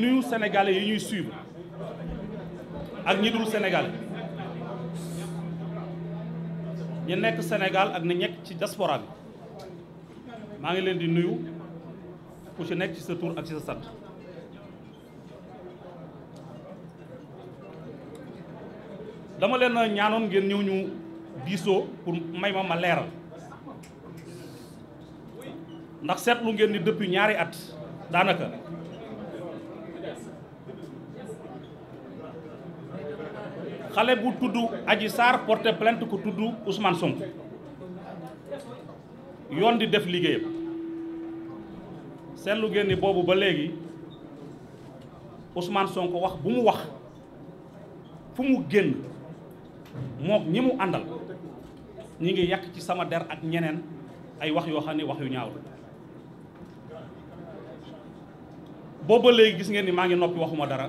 nuyu sénégalais yi ñuy ak ñi dul Sénégal ñu nekk Sénégal ak na ñekk ci diaspora maa ngi leen di nuyu ku ci nekk ci sa ak ci sa sant dama leen ñaanoon ngeen ñëw ñu diisoo pour may ma ma leeral ndax seetlu ngeen ni depuis ñaari at daanaka xale bu tudd aji Sarr porté plainte ku tudd usmaan Sonko yoon di def liggéeyam seetlu ngeen ni boobu ba léegi Ousmane Sonko wax bu mu wax fu mu génn mook ñi mu àndal ñi ngi yàq ci sama der ak ñeneen ay wax yoo xam ne wax yu ñaaw booba léegi gis ngeen ni maa ngi noppi waxuma dara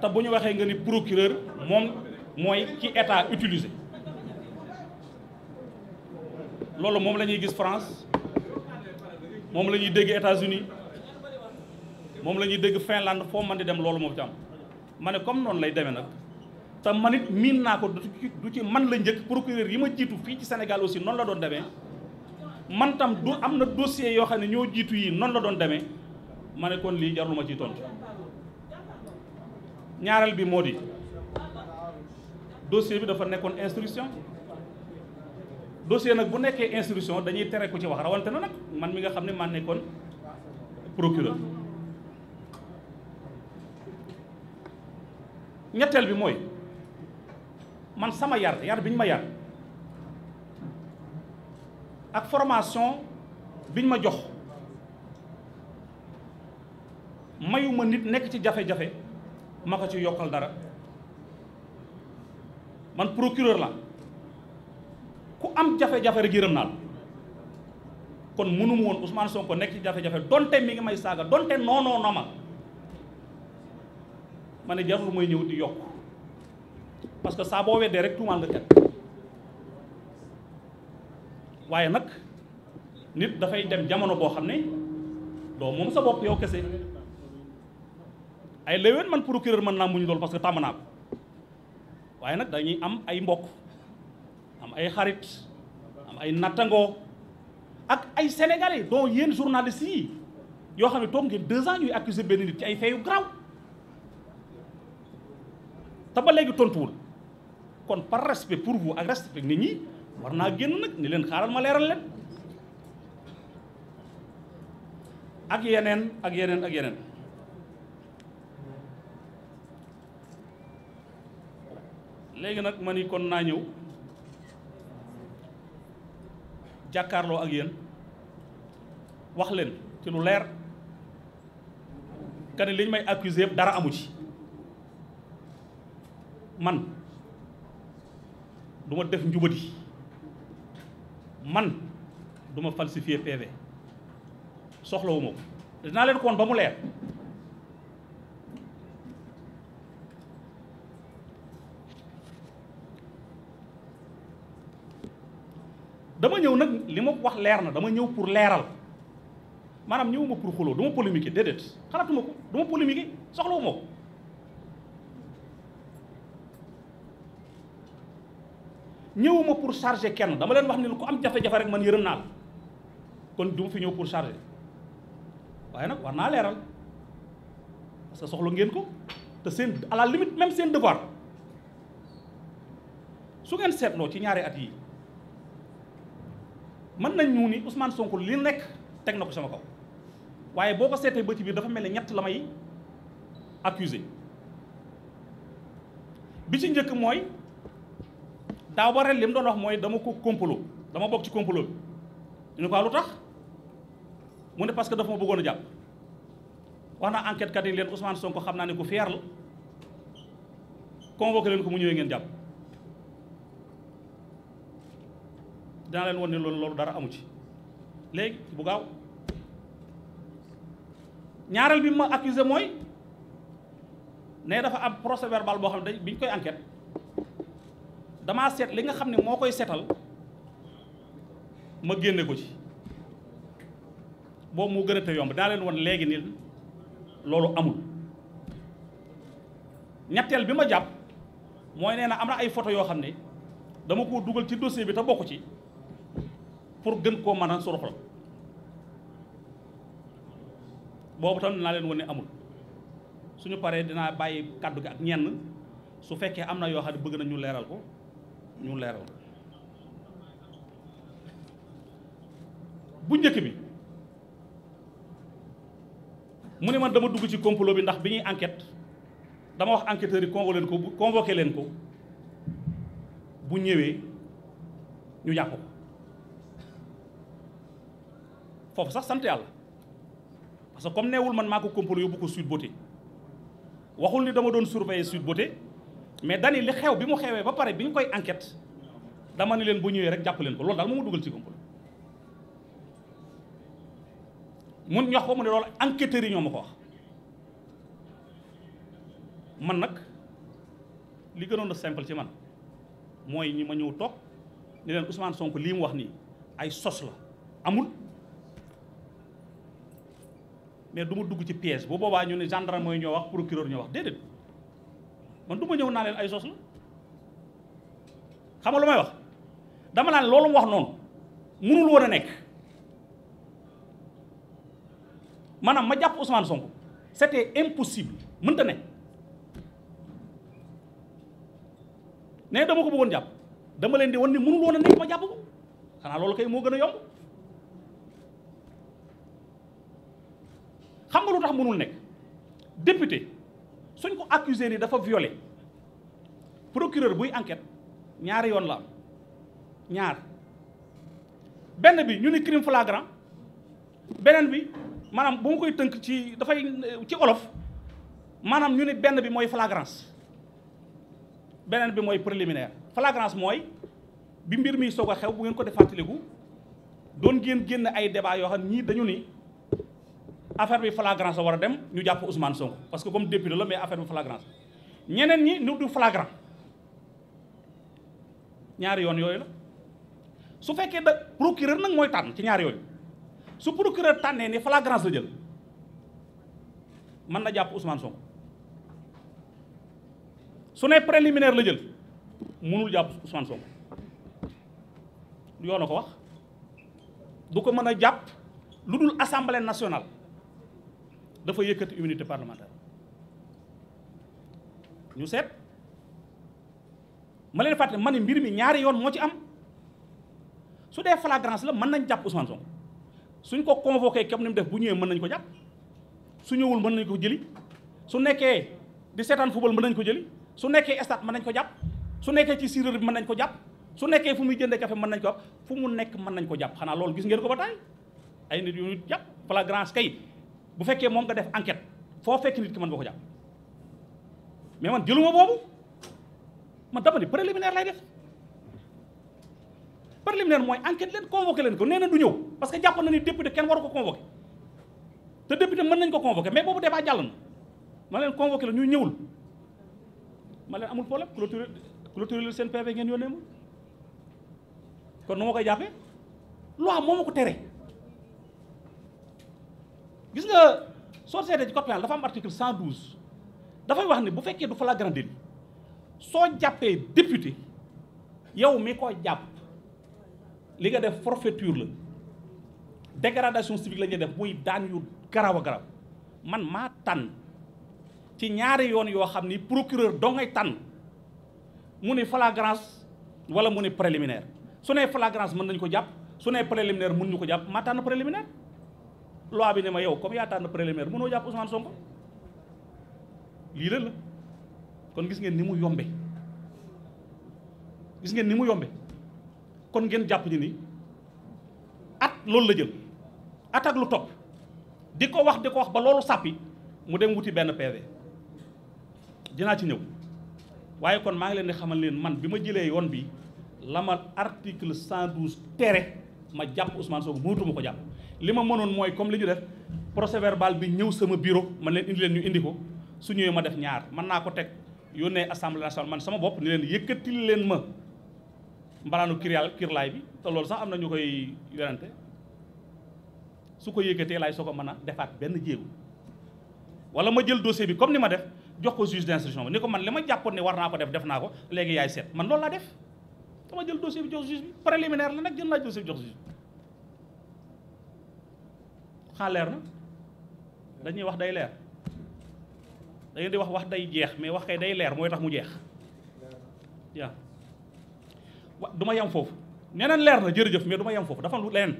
te bu ñu waxee nga ni procureur moom mooy ci état utilise loolu moom la ñuy gis France moom la ñuy dégg états moom la ñuy dégg Finlande foo man di dem loolu moo ci ma ne comme noonu lay demee nag te ma it miin naa ko du ci man la njëkk procureur yi ma jiitu fii ci Sénégal aussi noonu la doon demee man tam du am na dossier yoo xam ne ñoo jiitu yi noonu la doon demee ma ne kon lii jarul ma ciy tontu. ñaareel bi moo di dossier bi dafa nekkoon instruction dossier nag bu nekkee instruction dañuy tere ko ci wax rawante na nag man mi nga xam ne maa nekkoon procureur ñetteel bi mooy man sama yar yar bi ñu ma yar ak formation bi ñu ma jox mayuma nit nekk ci jafe-jafe ma ko ci yokkal dara man procureur la ku am jafe-jafe rek yërëm kon mënu mu woon Ousmane ko nekk ci jafe-jafe donte mi ngi may saaga donte noonoo na ma ma ne jarul mooy ñëw di yokk parce que saa boo weddee rek tuumaal nga kat waaye nag nit dafay dem jamono boo xam ne doo moom sa bopp yow kese ay léwén man procureur mën naa muñ loolu parce que tàmm waaye nag dañuy am ay mbokk am ay xarit am ay nattangoo ak ay sénégalais dont yéen journalistes yi yoo xam ne toog ngeen deux ans ñuy accuser benn ci ay faits yu graw te ba léegi tontuwul kon par respect pour vous ak respect nit ñi war naa génn nag ni leen xaaral ma leeral leen ak yeneen ak yeneen ak yeneen léegi nag ma ni kon naa ñëw jàkkaarloo ak yéen waxleen leen ci lu leer kani liñ may accusé yëpp dara amu ci man duma ma def njubadi man duma ma falsifier soxlawuma ko dinaa leen koon ba mu leer dama ñëw nag li ma wax leer na dama ñëw pour leeral maanaam ñëwuma pour xuloo du ma polémiquer déedéet xalaatuma ko du ma polémiquer soxlawuma ko ñëwuma pour charger kenn dama leen wax ni lu ko am jafe-jafe rek man yërëm naa la kon du ma fi ñëw pour charger waaye nag war naa leeral parce que soxla ngeen ko te seen à la limite même seen devoir su ngeen seetloo ci ñaari at yi mën nañ ñu ni Ousmane Sonko li nekk teg na ko sama kaw waaye boo ko seetee ba ci biir dafa mel ne ñett la may accusé bi ci njëkk mooy daaw ba ren li mu doon wax mooy dama ko complot dama bokk ci complot bi ñu ko ah, lu tax mu ne parce que dafa ma bëggoon a jàpp wax naa enquête kat yi leen Ousmane Sonko xam naa ne ko fier kon convoqué leen ko mu ñëwee ngeen jàpp dinaa leen wan ne loolu loolu dara amu ci léegi bu gaaw ñaareel bi ma accusé mooy ne dafa am procès verbal boo xam ne bi ñu koy enquête damaa seet li nga xam ne moo koy seetal ma génne ko ci boobu moo gën a te yomb daa leen wan léegi nii loolu amul ñetteel bi ma jàpp mooy nee na am na ay foto yoo xam ne dama koo dugal ci dossier bi te bokk ci pour gën koo mën a suruxal boobu tam dinaa leen wane amul suñu paree dinaa bàyyi kàddu gi ak ñenn su fekkee am na yoo xam ne bëgg nañu ñu leeral ko ñu leeral bu njëkk bi mu ne man dama dugg ci complot bi ndax bi ñuy enquête dama wax enquêteurs yi convoqué leen ko convoqué leen ko bu ñëwee ñu jàpp ko foofu sax sant yàlla parce comme newul man maa ko complot yóbbu ko Sweet Beauté waxul ni dama doon surveiller Sweet Beauté mais dani li xew bi mu xewee ba pare bi ñu koy enquête dama ni leen bu ñëwee rek jàpp leen ko loolu daal moo ma dugal ci complot mun ñu wax ko mu ne loolu enquêteurs yi ñoo ma ko wax man nag li gënoon a simple ci man mooy ñi ma ñëw toog ni leen Ousmane sonk lii mu wax nii ay sos la amul mais du ma dugg ci piège bu boobaa ñu ne gendarme mooy ñoo wax procureur ñoo wax déedéet man du ma ñëw naa leen ay sos la xam nga lu may wax dama naan loolu mu wax noonu mënul woon a nekk maanaam ma jàpp Ousmane Sonko c'était impossible mënta ne ne dama ko bëggoon jàpp dama leen di wan ni mënul woon a nekk ma jàpp ko xanaa loolu kay moo gën a yomb xam nga lu tax mënul nekk député suñ ko accusé ni dafa violé procureur buy enquête ñaari yoon la am ñaar benn bi ñu ni crime flagrant beneen bi maanaam bu ma koy tënk ci dafay ci olof maanaam ñu ni benn bi mooy flagrance beneen bi mooy préliminaire flagrance mooy bi mbir mi soog a xew bu ngeen ko defaatiliku doon ngeen génn ay débat yoo xam ñii dañu ni affaire bi flagrance la war a dem ñu jàpp Ousmane Sonko parce que comme député la mais affaire bi flagrance ñeneen ñi nu du flagrant ñaari yoon yooyu la su fekkee da procureur nag mooy tànn ci ñaari yooyu su procureur tànnee ni flagrance la jël mën na jàpp Ousmane Sonko su ne préliminaire la jël mënul jàpp Ousmane Sonko yoon a ko wax du ko mën a jàpp lu dul assemblée national dafa yëkkati immunité parlementaire ñu seet ma leen fàtte ma ne mbir mi ñaari yoon moo ci am su dee flagrance la mën nañ jàpp Ousmane Sonko suñ ko convoqué képp ni mu def bu ñëwee mën nañ ko jàpp su ñëwul mën nañ ko jëli su nekkee di seetaan football mën nañ ko jëli su nekkee stade mën nañ ko jàpp su nekkee ci siréer bi mën nañ ko jàpp su nekkee fu muy jëndee kafe mën nañ ko fu mu nekk mën nañ ko jàpp xanaa loolu gis ngeen ko ba taay ay nit yu ñu jàpp flagrance kay bu fekkee moom nga def enquête foo fekk nit ki man nga ko jàpp mais man jëluma boobu man dama ni préliminaire lay def préliminaire mooy enquête leen convoqué leen ko nee na du ñëw parce que jàpp na ni député kenn waru ko convoqué te député mën nañ ko convoqué mais boobu débat jàll na ma leen convoqué la ñuy ñëwul ma leen amul problème clôture clôture leen seen PV ngeen yónnee ma kon nu ma koy jàppee loi moo ma ko tere gis nga soo seetee ci code pénal dafa am article 112 dafay wax ne bu fekkee du flagrant délit soo jàppee député yow mi ko jàpp li nga def forfaiture la dégradation civique la ñuy def muy daan yu garaw a man maa tànn ci ñaari yoon yoo xam ni procureur doo ngay tànn mu ne flagrance wala mu ne préliminaire su nee flagrance mën nañu ko jàpp su nee préliminaire mën ñu ko jàpp maa tànn préliminaire loi bi ne ma yow comme yaa tànn préliminaire mënoo jàpp Ousmane Sonko lii la la kon gis ngeen ni mu yombe gis ngeen ni mu yombe kon ngeen jàpp ni ni at loolu la jël at ak lu topp di ko wax di ko wax ba loolu sàppi mu dem wuti benn PV dinaa ci ñëw waaye kon maa ngi leen di xamal leen man bi ma jëlee yoon bi la ma article 112 tere ma jàpp Ousmane Sonko mootuma ko jàpp li ma mënoon mooy comme li ñu def procès verbal bi ñëw sama bureau man leen indi leen ñu indi ko su ñëwee ma def ñaar man naa ko teg yónnee assemblée nationale man sama bopp ni leen yëkkatil leen ma mbalaanu kirial kirlaay bi te loolu sax am na ñu koy werante su ko yëkkatee laay soo ko mën a defaat benn jéego wala ma jël dossier bi comme ni ma def jox ko juge d'instruction bi ni ko man li ma jàppoon ne war naa ko def def naa ko léegi yaay seet man loolu laa def dama jël dossier bi jox juge bi préliminaire la nag jël naa dossier bi jox juge xanaa na dañuy wax day leer da wax wax day jeex mais wax day leer mooy tax mu jeex waaw wa du ma yem foofu neneen leer na jërëjëf mais du foofu dafa lu leneen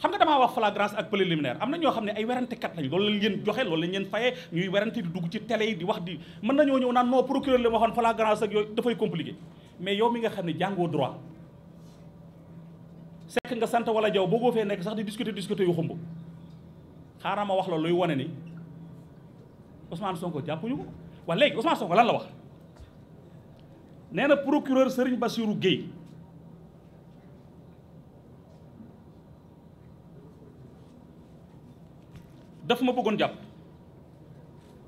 xam nga damaa wax flagrance ak préliminaire am na ñoo xam ne ay werantekat lañ loolu lañ leen joxe loolu lañ leen fayee ñuy werante dugg ci télé yi di wax di mën nañoo ñëw naan non procureur li ma waxoon flagrance ak yooyu dafay compliqué mais yow mi nga xam ne jàngoo droit sekk nga sant wala jaw boo ko fee nekk sax di discuter discuter yu xumb xaaral ma wax la luy wane ni Ousmane Sonko jàppuñu ko wax léegi Ousmane Sonko lan la wax nee na procureur Serigne Bassirou géey daf ma bëggoon jàpp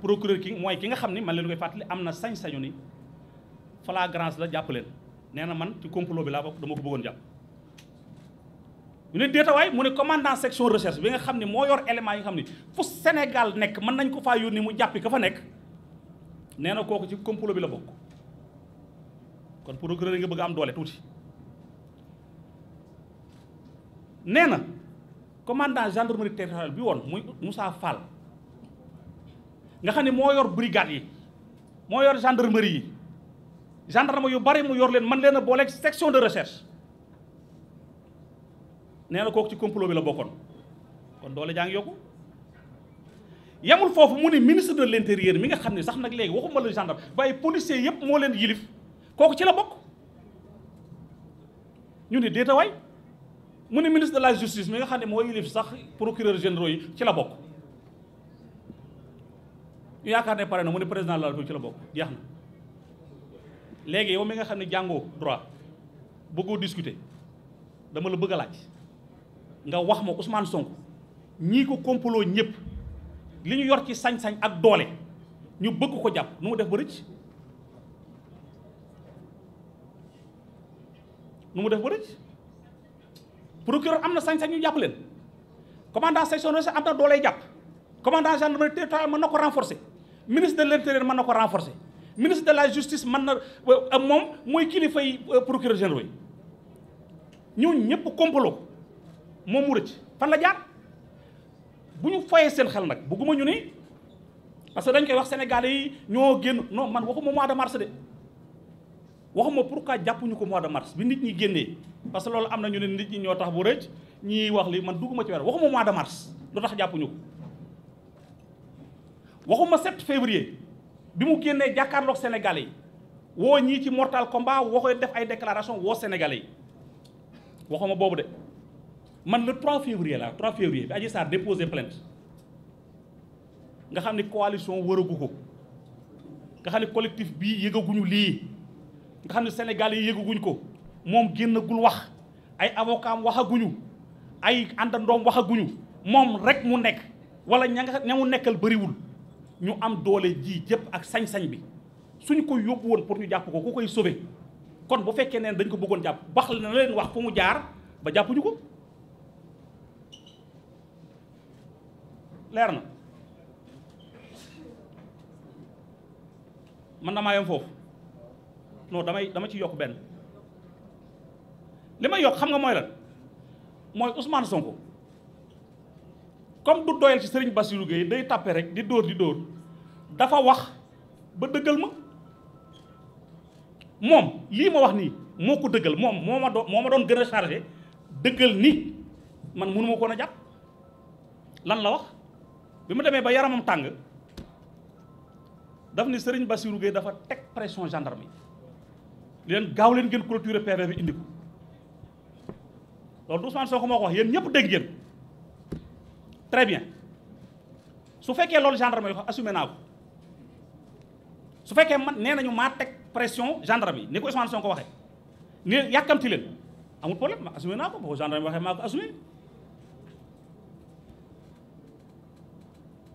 procureur ki mooy ki nga xam ni man leen koy fàttali am na sañ-sañu ni flagrance la jàpp leen nee na man ci complot bi laa bokk dama ko bëggoon jàpp ñu ne déetawaay mu ne commandant section recherche bi nga xam ne moo yor élément yi nga xam ne fu Sénégal nekk mën nañ ko faa yónni mu jàppi ka fa nekk nee na kooku ci complot bi la bokk kon procureur nga bëgg am doole tuuti nee na commandant gendarmerie territoriale bi woon muy Moussa Fall nga xam ne moo yor brigade yi moo yor gendarmerie yi gendarme yu bari mu yor leen man leen a booleeg section de recherche neena na kooku ci complot la bokkoon kon doole jaa ngi yokku yemul foofu mu ne ministre de l'intérieur mi nga xam ne sax nag léegi waxuma la gendarme waaye policier yëpp moo leen yilif kooku ci la bokk ñu ne déeta waay mu ne ministre de la justice mi nga xam ne moo yilif sax procureur généraux yi ci la bokk ñu yaakaar ne pare na mu ne président de la République ci la bokk jeex na léegi yow mi nga xam ne jàngoo droit bëggoo discuter dama la bëgga a laaj nga wax ma Ousmane Sonko ñii ko complot ñëpp li ñu yor ci sañ-sañ ak doole ñu bëgg ko jàpp nu mu def ba rëcc nu mu def ba rëcc procureur am na sañ ñu jàpp leen commandant section recherche am na doole jàpp commandant gendarmerie territoriale mën na ko renforcer ministre de l'intérieur mën na ko renforcer ministre de la justice mën na euh, moom mooy kilifay euh, procureur généraux yi ñooñu ñëpp complot moom mu rëcc fan la jaar bu ñu foyee seen xel nag bugguma ñu ni parce que dañ koy wax Sénégalais yi ñoo génn non man waxuma mois de mars de waxuma pourquoi jàppuñu ko mois de mars bi nit ñi génnee parce que loolu am na ñu ne nit ñi ñoo tax bu rëcc ñi wax li man dugguma ci weer waxuma mois de mars lu tax jàppuñu ko waxuma 7 février bi mu génnee jàkkaarlook Sénégalais yi woo ñii ci mortal combat waxoy def ay déclaration woo Sénégalais yi waxuma boobu de man le 3 février la 3 février bi Adji Sarr déposé plainte nga xam ni coalition wëragu ko nga xam ne collectif bii yëgaguñu lii nga xam ne Sénégal yi yëgaguñ ko moom génnagul wax ay avocat waxaguñu ay àndandoom waxaguñu moom rek mu nekk wala ña nga ña mu nekkal bariwul ñu am doole ji jëpp ak sañ-sañ bi suñ ko yóbbu woon pour ñu jàpp ko ku koy sauver kon bu fekkee neen dañ ko bëggoon jàpp wax na leen wax fu mu jaar ba jàppuñu ko leer na man damaa yem foofu non damay dama ci yokk benn li may yokk xam nga mooy lan mooy Ousmane Sonko comme du doyal ci sëriñ Bassirou Gueye day tàppe rek di dóor di dóor dafa wax ba dëggal ma moom lii ma wax nii moo ko dëggal moom moo ma doon moo ma doon gën a chargé dëggal ni man mënu ma ko a jàpp lan la wax bi mu demee ba yaramam tàng daf ni Serigne Bassirou Gueye dafa teg pression gendarme yi leen gaaw leen ngeen clôturer PV bi indi ko loolu Ousmane Sonko moo ko wax yéen ñëpp dégg ngeen très bien su fekkee loolu gendarme yi ko assumé naa ko su fekkee man nee nañu maa teg pression gendarme yi ni ko Ousmane Sonko waxee ni yàkkamti leen amul problème ma assumé naa ko boo gendarme yi waxee maa ko assumé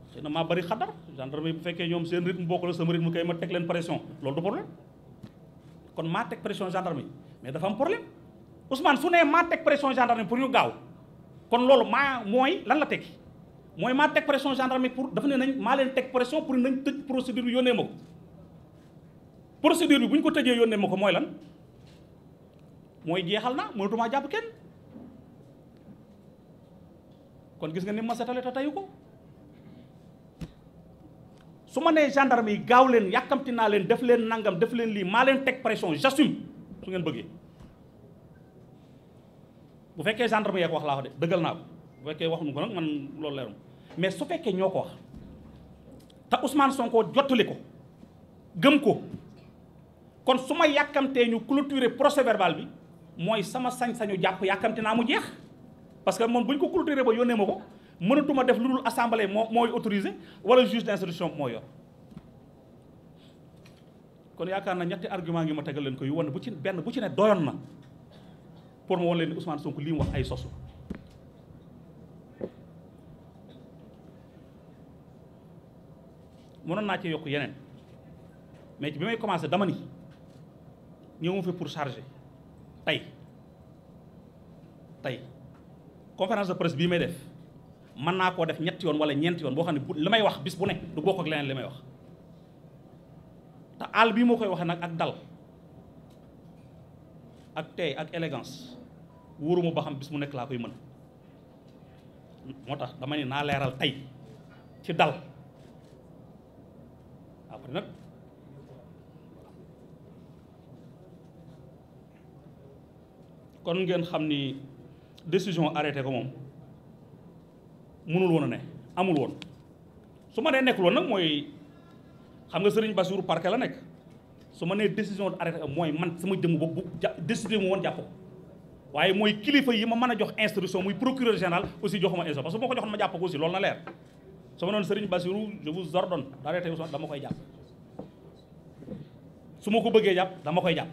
xëy na maa bëri xadar gendarme bu fekkee ñoom seen rythme bokk la sama rythme kay ma teg leen pression loolu du problème kon maa teg pression gendarme mais dafa am problème Ousmane su nee maa teg pression gendarme pour ñu gaaw kon loolu maa mooy lan la teg mooy maa teg pression gendarme pour dafa ne nañ maa leen teg pression pour nañ tëj procédure bi yónnee ma ko procédure bi bu ñu ko tëjee yónnee ma ko mooy lan mooy jeexal na mënatumaa jàpp kenn kon gis nga ni ma setale te tayu ko su ma nee gendarme yi gaaw leen yàkkamti naa leen daf leen nangam daf leen lii maa leen teg pression j'assume su ngeen bëggee bu fekkee gendarme yee ko wax laa ko de dëggal naa ko bu fekkee waxuñu ko nag man loolu leerum mais su fekkee ñoo ko wax te Ousmane Sonko jottali ko gëm ko kon su ma yàkkamtee ñu clôturer procès verbal bi mooy sama sañ-sañu jàpp yàkkamti naa mu jeex parce que moom bu ñu ko clôturer ba yónnee ma ko mënatuma def lu dul assemblée moo mooy autorisé wala juge d'instruction moo yor kon yaakaar na ñetti argument ngi ma tegal leen ko yu wane bu ci benn bu ci ne doyoon na pour ma wan leen ni Ousmane Sonko li mu wax ay sos la mënoon naa cee yokk yeneen mais bi may commencé dama ni ñëw mu fi pour charger tey tey conférence de presse bii may def mën naa koo def ñetti yoon wala ñeent yoon boo xam ne bu li may wax bis bu ne du bokk ak leneen li may wax te àll bii moo koy waxee nag ak dal ak tey ak élégance wóoruma ba xam bis mu nekk laa koy mën moo tax dama ne naa leeral tey ci dal après nag kon ngeen xam ni décision arrêté ko moom mënul woon ne amul woon su ma dee nekkul woon nag mooy xam nga Serigne Bassirou parquet la nekk su ma nee décision arrêté mooy man sama jëmm boobu décidé mu woon jàpp waaye mooy kilifa yi ma mën a jox instruction muy procureur général aussi joxuma instruction parce que bu ma ko joxoon ma jàpp ko aussi loolu na leer su ma noonu Serigne Bassirou je vous ordonne d'arrêter Ousmane dama koy jàpp su ma ko bëggee jàpp dama koy jàpp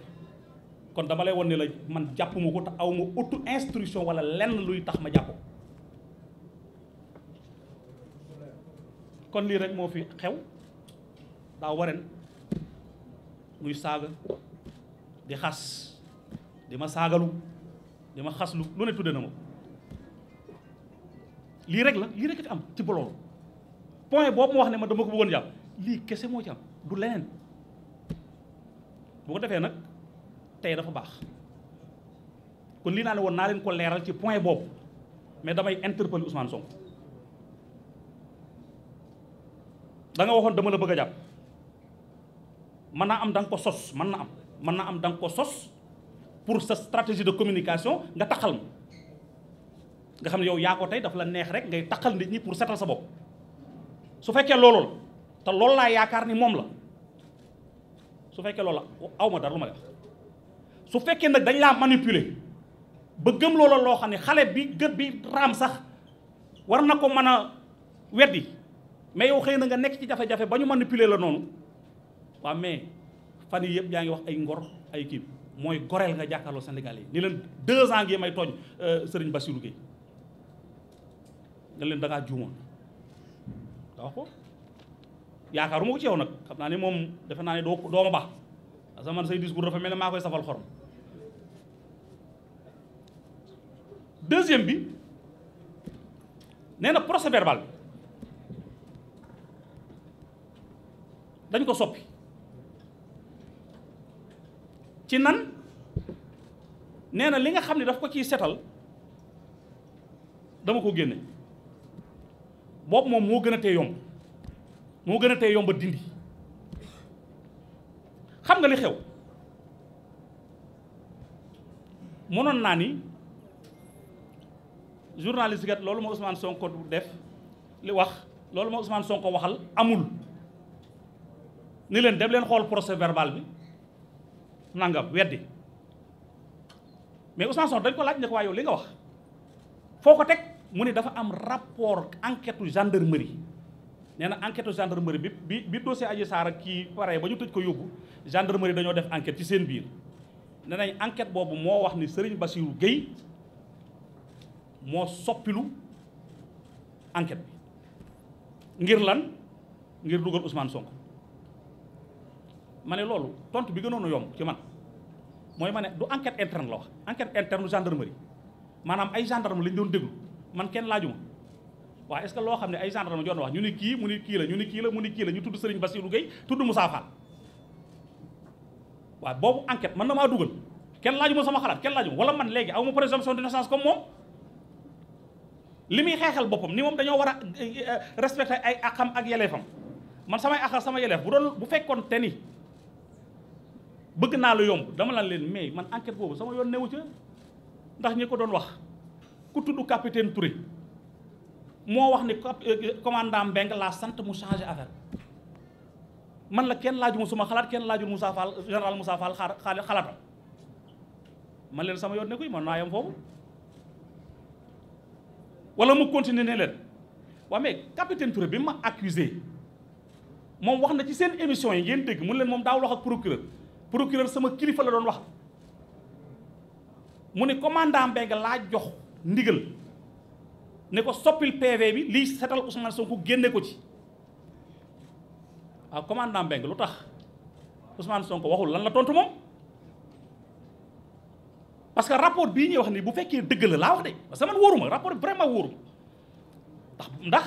kon dama lay won ne la man jàpp ma ko te aw ma auto instruction wala lenn luy tax ma jàpp kon lii rek moo fi xew daaw waren muy saaga di xas di ma saagalu di ma xaslu lu ne tudde na ma lii rek la lii rek fi am ci bolool point boobu mu wax ne ma dama ko bëggoon jàpp lii kese moo ci am du leneen bu ko defee nag tey dafa baax kon lii naa ne woon naa leen ko leeral ci point boobu mais damay interpeller Ousmane Sonko da nga waxoon dama la bëgg a jàpp mën naa am da ko sos mën na am mën naa am da ko sos pour sa stratégie de communication nga taxal ma nga xam ne yow yaa ko tey dafa la neex rek ngay taxal nit ñi pour setal sa bopp su fekkee loolu la te loolu laa yaakaar ni moom la su fekkee loolu la aw ma dara lu ma wax su fekkee nag dañ laa manipuler ba gëm loola loo xam ne xale bi gët bi raam sax war na ko mën a weddi mais yow xëy na nga nekk ci jafe-jafe ba ñu man manipuler la noonu waa mais fan yi yëpp yaa ngi wax ay ngor ay kii mooy goreel nga jàkkaarloo Sénégalais yi ni leen deux ans ngi may tooñ euh, sëriñ Bassirou Gueye nga leen dangaa ngaa juumoon nga wax ko yaakaaruma ko ci yow nag xam naa ne moom defe naa ne doo doo ma baax parce que man say discours dafa mel ne maa koy safal xorom deuxième bi nee na procès verbal dañ ko soppi ci nan nee na li nga xam ne daf ko ciy setal dama ko génne boobu moom moo gën a tee yomb moo gën a tee yomb dindi xam nga li xew mënoon naa ni journaliste loolu ma Ousmane Sonko def li wax loolu ma Ousmane Sonko waxal amul ni leen dem leen xool procès verbal bi nangam weddi mais Ousmane Sonko dañ ko laaj ne ko waa yow li nga wax foo ko teg mu ne dafa am rapport enquête gendarmerie nee na enquête gendarmerie bi bi bi dossier Adji Sarr kii pare ba ñu tëj ko yóbbu gendarmerie dañoo def enquête ci seen biir nee nañ boobu moo wax ni Serigne Bassirou Gueye moo soppilu enquête bi ngir lan ngir dugal Ousmane Sonko. ma ne loolu tontu bi gënoon a yomb ci man mooy ma du enquête interne la wax enquête interne gendarmerie maanaam ay gendarme lañ doon déglu man kenn laaju ma waaw est que loo xam ne ay gendarme joon wax ñu ni kii mu ni kii la ñu ni kii la mu ni kii la ñu tudd Serigne Bassirou Gueye tudd Moussa Fall waaw boobu enquete man na maa dugal kenn laaju ma sama xalaat kenn laaju ma wala man léegi aw ma présomption d'innocence comme moom li muy xeexal boppam ni moom dañoo war a euh, euh, respecté ay akam ak yeleefam man samay akal sama yeleef bu doon bu fekkoon te bëgg naa la yomb dama lan leen mais man enquête boobu sama yoon newu ca ndax ñi ko doon wax ku tudd capitaine Touré moo wax ni euh, euh, commandant Mbengue laa sant mu changé affaire man la kenn laajuma suma xalaat kenn laajul Moussa Fall général Moussa Fall xaar xalaatam man leen sama yoon ne kuy man naa yem foofu wala mu continuer ne leen waaw mais capitaine Touré bi ma accusé moom wax na ci seen émission yi ngeen dégg mu leen moom daawul wax ak procureur procureur sama kilifa la doon wax mu ne commandant Mbengue laa jox ndigal ne ko soppil PV bi liy setal Ousmane Sonko génne ko ci waaw commandant Mbengue lu tax Ousmane Sonko waxul lan la tontu moom parce que rapport bii ñuy wax ni bu fekkee dëgg la laa wax de parce que man wóoruma rapport bi wóoruma ndax ndax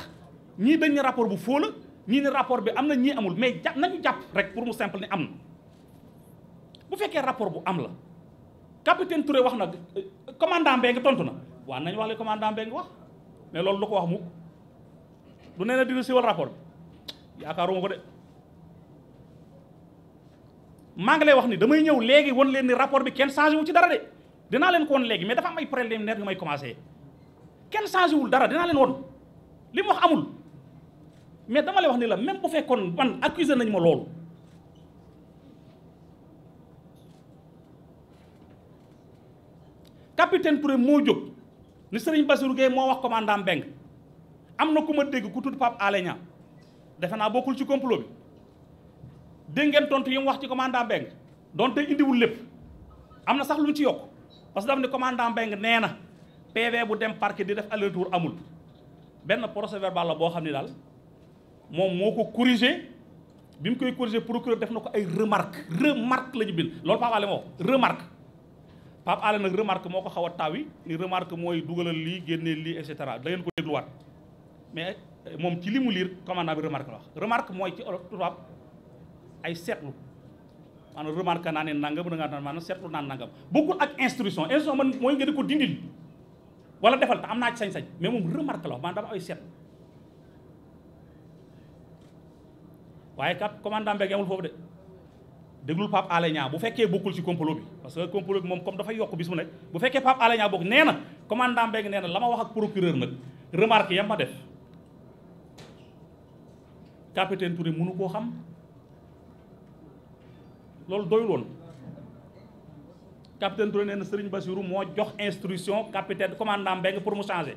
ñii dañ rapport bu fóo la ñii ne rapport bi am na ñii amul mais jàpp nañu jàpp rek pour mu simple ni am na bu fekkee rapport bu am la capitaine Touré wax na euh, commandant Mbengue tontu na waa nañ wax li commandant Mbengue wax mais loolu lu ko wax mukk du nee na dina siiwal rapport bi yaakaaruma ko de maa ngi lay wax ni damay ñëw léegi won leen ni rapport bi kenn changé wu ci dara de dinaa leen ko won léegi dafa am ay préliminaire yu may commencé kenn changé wul dara dinaa leen won li mu wax amul mais dama lay wax ni la même bu fekkoon man accusé nañ ma loolu capitaine Touré moo jóg ni Serigne Bassirou Gueye moo wax commandant Mbeng am na ku ma dégg ku tudd Pape Alé Niang defe naa bokkul ci complot bi dégg ngeen tontu yi mu wax ci commandant Mbeng donte indiwul lépp am na sax lu ci yokk parce que daf ne commandant Mbeng nee na PV bu dem parquet di def aller amul benn procès verbal boo xam ne daal moom moo ko corrigé bi mu koy corrigé procureur def na ko ay remarque remarque la ñu bind loolu Pape moo wax Pape Alé nag remarque moo ko xaw a taawi ni remarque mooy dugalal lii génnee lii et cetera da ngeen ko dégluwaat mais eh, moom ci li mu liir commandant bi remarque la wax remarque mooy ci olof tubaab ay seetlu naa ne nangam da ngaa naan maanaam naan nangam bokkul ak instruction instruction mooy nga di ko dindil wala defal am naa sañ-sañ mais moom remarque la ay seetlu waaye kat commandant beeg amul foofu de. déglul Pape Alé bu fekkee bokkul ci complot bi parce que complot bi moom comme dafay yokk bis mu nekk bu fekkee Pape Alé Niang bokk nee na commandant Mbengue nee na la ma wax ak procureur nag remarque yam ma def capitaine Touré mënu koo xam loolu doyul woon capitaine Touré nee na Serigne Bassirou moo jox instruction capitaine commandant Mbengue pour mu changer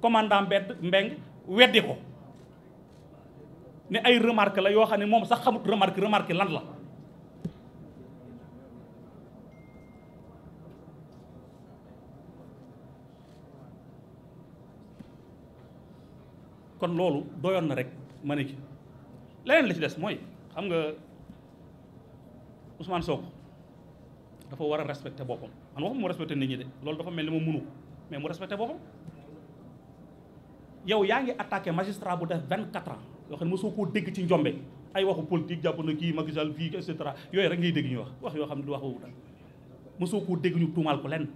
commandant Mbedd Mbengue weddi ko ne ay remarque la yoo xam ne moom sax xamut remarque remarque lan la kon loolu doyoon na rek ma ne ci leneen la ci des mooy xam nga Ousmane Sonko dafa war a respecté boppam man waxuma mu respecté nit ñi de loolu dafa mel ni ma mënu ko mais mu respecté boppam yow yaa ngi attaqué magistrat bu def vingt quatre ans yoo xam ne mosoo koo dégg ci njombe ay waxu politique jàpp na kii Macky Sall fii et cetera yooyu rek ngay dégg ñuy wax wax yoo xam ne du wax boobu dal mosoo koo dégg ñu tuumaal ko lenn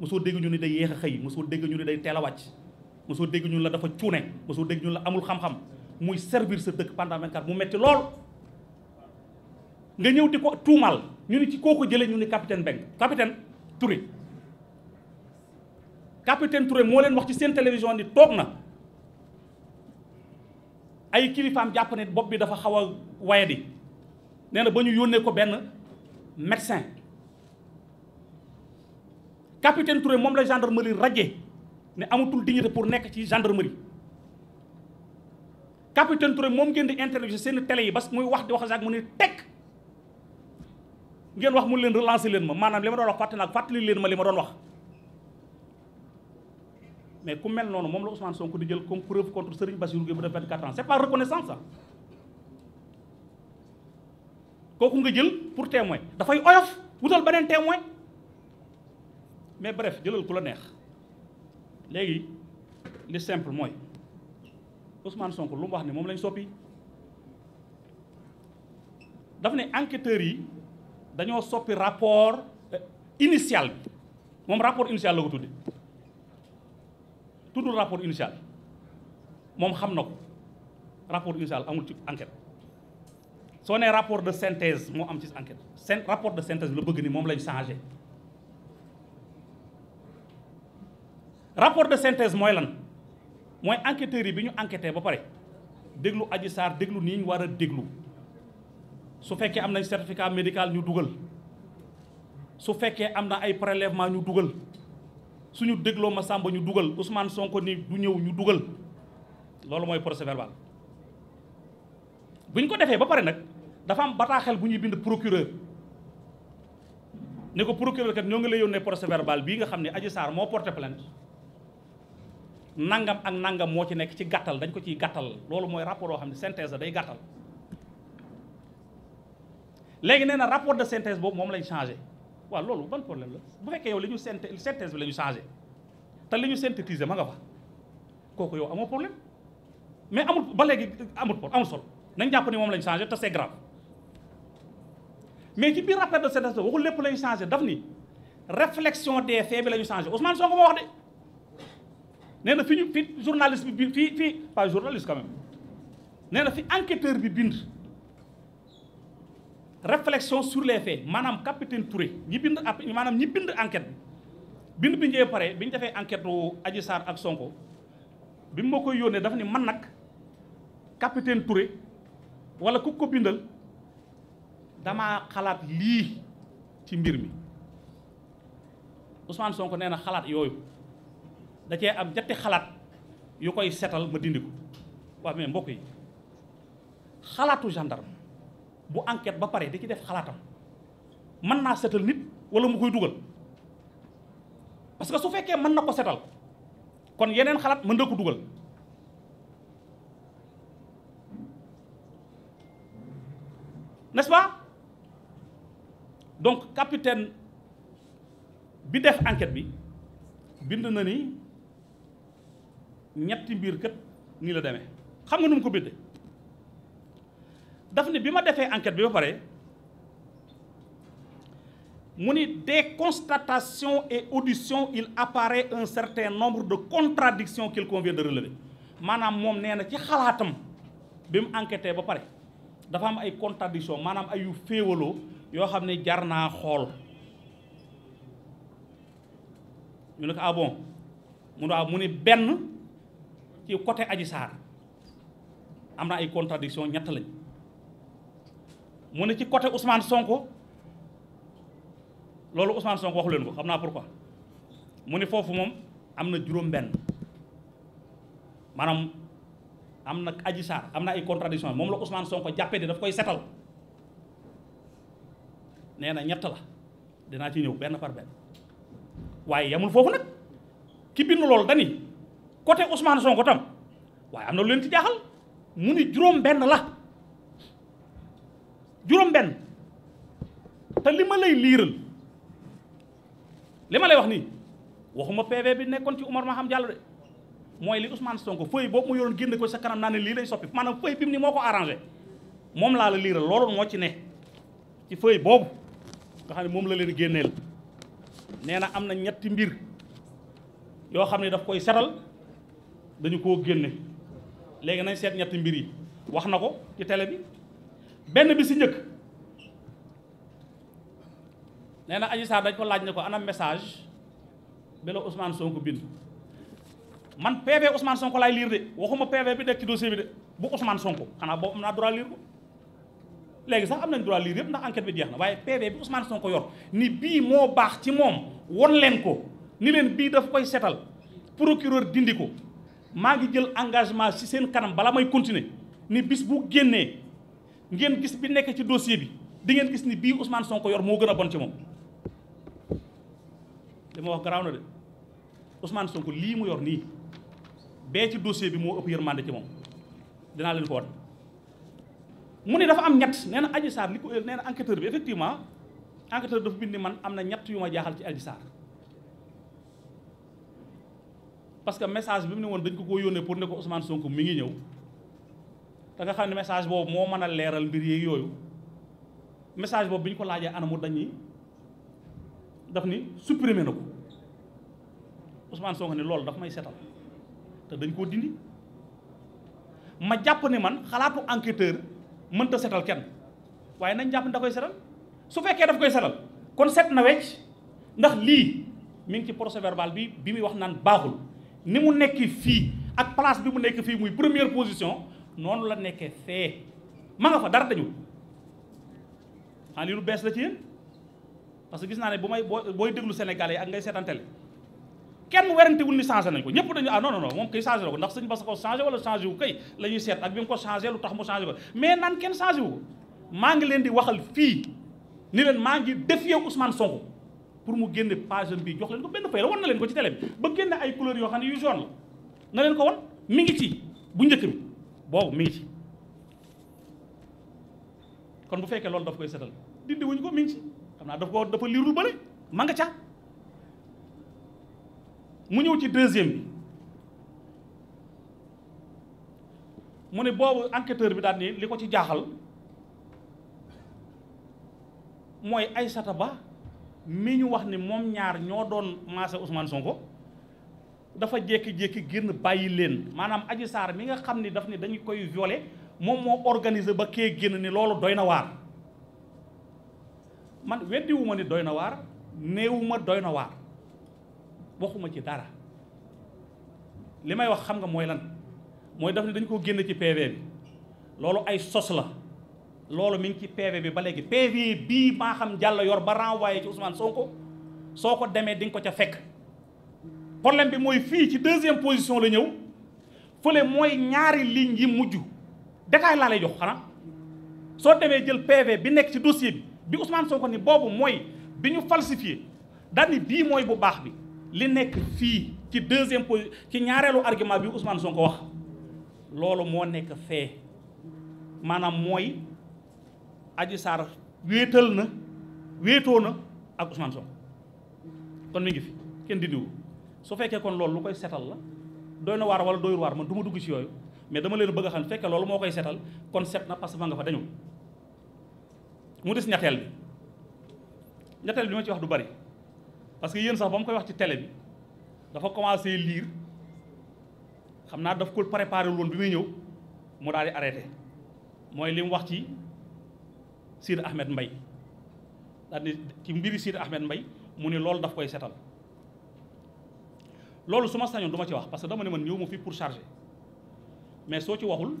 mosoo dégg ñu ni day yéex a xëy mosoo dégg ñu ni day teel a wàcc mosoo dégg ñun la dafa cuune mosoo dégg ñu la amul xam-xam muy servir sa dëkk pendant 24 mu metti lool nga ñëw di ko tuumal ñu ni ci koo ko jëlee ñu ni capitaine Mbengue capitaine Touré capitaine Touré moo leen wax ci seen télévision ni toog na ay kilifaam jàpp bopp bi dafa xaw a waye di nee na ba ñu yónnee ko benn médecin capitaine Touré moom la gendarmerie radié ne amatul dignité pour nekk ci gendarmerie capitaine Touré moom ngeen di interroger seen télé yi bas muy wax di wax sax mu ne tekk ngeen wax mu leen relancer leen ma maanaam li ma doon wax fàttali naa fàttali leen ma li ma doon wax mais ku mel noonu moom la Ousmane Sonko di jël comme preuve contre Serigne Bassirou Gueye bu def 24 ans c'est pas reconnaissance ça kooku nga jël pour témoin dafay oyof wutal beneen témoin mais bref jëlal ku la neex. léegi li simple mooy Ousmane sonk lu mu wax ne moom lañ soppi dafa ne enquêteurs yi dañoo soppi rapport eh, initial bi moom rapport initial la ko tudde tuddul rapport initial moom xam na ko rapport initial amul ci enquête soo nee rapport de synthèse moo am ci enquête rapport de synthèse bi la bëgg ni moom lañ changé rapport de synthèse mooy lan mooy enquêteurs yi bi ñu enquêté ba pare déglu Adji Sarr déglu nii ñu war a déglu su fekkee am nañ certificat médical ñu dugal su fekkee am na ay prélèvement ñu dugal suñu dégloo ma sàmba ñu dugal Ousmane Sonko ni du ñëw ñu dugal loolu mooy procès verbal ñu ko defee ba pare nag dafa am xel bu ñuy bind procureur ne ko procureur kat ñoo ngi lay yónnee procès verbal bii nga xam ne Adji Sarr moo porté plainte nangam ak nangam moo ci nekk ci gàttal dañ ko ciy gàttal loolu mooy rapport yoo xam ne synthèse la day gàttal léegi nee na rapport de synthèse boobu moom lañ changé waa loolu ban problème la bu fekkee yow li ñu synthèse bi la ñu changé te li ñu synthétiser ma nga fa kooku yow amoo problème mais amul ba léegi amul amul solo nañ jàpp ni moom lañ changé te c'est mais ci biir rapport de synthèse waxul lépp lañ changé daf ni réflexion des faits bi la ñu changé Ousmane Sonko moo wax de nee na fi ñu fi journaliste bi bi fii fii pas journaliste quand même na fi enquêteur bi bind réflexion sur les faits maanaam capitaine Touré ñi bind ab maanaam ñi bind enquête bi bind bi njee pare bi ñu defee enquête wu Adji ak Sonko bi mu ma koy yónnee dafa ni man nag capitaine Touré wala ku ko bindal damaa xalaat lii ci mbir mi Ousmane Sonko nee na xalaat yooyu da cee am ñetti xalaat yu koy setal ma dindi ko waaw mais mbokk yi xalaatu gendarme bu enquête ba pare di ci def xalaatam mën naa setal nit wala mu koy dugal parce que su fekkee mën na ko setal kon yeneen xalaat mën na ko dugal n'est-ce donc capitaine bi def enquête bi bind na ni ñetti mbir kat nii la demee xam nga nu mu ko bindee daf ne bi ma defee enquête bi ba pare mu ni des constatations et auditions il apparaît un certain nombre de contradictions qu'il convient de relever maanaam moom nee na ci xalaatam bi mu enquêté ba pare dafa am ay contradictions maanaam ay yu féewaloo yoo xam ne jar naa xool ñu ne ko ah bon mu ah, mu ni benn ci côté Adji Sarr am na ay contradiction ñett lañ mu ne ci côté Ousmane Sonko loolu Ousmane Sonko waxu leen ko xam naa pourquoi mu ne foofu moom am na juróom-benn maanaam am na Adji Sarr am na ay contradiction moom la Ousmane Sonko jàppee di daf koy setal nee na ñett la dinaa ci ñëw benn par benn waaye yamul foofu nag ki bind loolu dani côté Ousmane Sonko tam waaye am na lu leen ci jaaxal mu ni juróom benn la juróom benn te li ma lay liiral li ma lay wax nii waxuma PV bi nekkoon ci Oumar xam Diallo de mooy li Ousmane Sonko feuille boobu mu yoroon génn ko sa kanam naa ne lii lay soppi maanaam feuille bi ni moo ko arrangé moom laa la liiral loolu moo ci ne ci feuille boobu nga xam ne moom la leen génneel nee na am na ñetti mbir yoo xam ne daf koy setal dañu koo génne léegi nañ seet ñetti mbir yi wax na ko ci télé bi benn bi si njëkk nee na Adji Sarr dañ ko laaj ne ko ana message bi la Ousmane Sonko bind man PV Ousmane Sonko laay lire de waxuma PV bi nekk ci dossier bi de bu Ousmane Sonko xanaa boobu am naa droit lire ko léegi sax am nañ droit lire yëpp ndax enquête bi jeex na waaye PV bi Ousmane Sonko yor ni bii moo baax ci moom won leen ko ni leen bii dafa koy setal procureur dindi ko maa ngi jël engagement ci seen kanam bala may continuer ni bis bu génnee ngeen gis bi nekk ci dossier bi di ngeen gis ni bii Ousmane Sonko yor moo gën a bon ci moom li ma wax garaaw na de Ousmane Sonko lii mu yor nii bee ci dossier bi moo ëpp yërmande ci moom dinaa leen ko wan mu ne dafa am ñett nee na Adji Sarr li ko nee na bi effectivement enquêteur dafa bind man am na ñett yu ma jaaxal ci Adji Sarr parce que message bi mu ne woon dañ ko koo yónnee pour ne ko Ousmane Sonko mi ngi ñëw da nga xam ne message boobu moo mën a leeral mbir yeeg yooyu message boobu bi ñu ko laajee anamu dañuy daf ni supprimer na ko Ousmane Sonko ne loolu daf may setal te dañ koo dindi ma jàpp ne man xalaatu enquêteur mënta setal kenn waaye nañ jàpp ne da koy setal su fekkee daf koy setal kon set na wecc ndax lii mu ngi ci procès bal bi bi muy wax naan baaxul. ni mu nekk fii ak place bi mu nekk fii muy première position noonu la nekkee fee ma nga fa dara dañu xanaa lii lu bees la ci yéen parce que gis naa ne bu may booy déglu Sénégalais yi ak ngay seetantele kenn werante wul ni changé nañ ko ñëpp dañu ah non non non moom kay changé na ko ndax sëñ Bass ko changé wala changé wu kay la ñuy seet ak bi mu ko changé lu tax mu changé ko mais naan kenn changé wu ko maa ngi leen di waxal fii ni leen maa ngi défier Ousmane Sonko. pour mu génne page bi jox leen ko benn fay la wan na leen ko ci télé bi ba génne ay couleur yoo xam ne yu jaune la na leen ko wan mi ngi ci bu njëkk bi boobu mi ngi ci kon bu fekkee loolu daf koy setal dindi wuñ ko mi ngi ci xam naa daf ko dafa liirul bële ma nga ca mu ñëw ci deuxième bi mu ne boobu enqueteur bi daal ni li ko ci jaaxal mooy ay sataba mi ñu wax ni moom ñaar ñoo doon maase Ousmane Sonko dafa jékki-jékki génn bàyyi leen maanaam Adji saar mi nga xam ni daf ni dañu koy violer moom moo organiser ba kee génn ni loolu doy na waar man weddiwu ma ni doy na waar néewuma doy na waar waxuma ci dara li may wax xam nga mooy lan mooy daf ni dañu ko génn ci PV bi loolu ay sos la loolu mi ngi ci PV bi ba léegi PV bii maa xam jàll yor ba renvoyé ci Ousmane Sonko soo ko demee di ko ca fekk problème bi mooy fii ci deuxième position la ñëw fële mooy ñaari ligne ngi mujj détail laa lay jox xanaa soo demee jël PV bi nekk ci dossier bi bi Ousmane Sonko ni boobu mooy bi ñu falsifié daal bii mooy bu baax bi li nekk fii ci deuxième position ci ñaareelu argument bi Ousmane Sonko wax loolu moo nekk fee maanaam mooy. Adji saar wéetal na wéetoo na ak Ousmane Sonko kon mi ngi fi kenn di diwu su fekkee kon lool lu koy setal la doy na waar wala doyul waar man du ma dugg ci yooyu mais dama leen bëgg xam ne fekkee loolu moo koy setal kon set na parce que nga fa dañu mu des ñetteel bi ñetteel bi ma ci wax du bari parce que yéen sax ba mu koy wax ci télé bi dafa commencé liir xam naa daf ko préparé woon bi muy ñëw mu daal di arrêté mooy li wax ci Sidi Ahmed Mbay daal di ci mbiri Sidi Ahmed Mbay mu ne loolu daf koy setal loolu su ma sañoon du ci wax parce que dama ne man ñëw ma fii pour charger mais soo ci waxul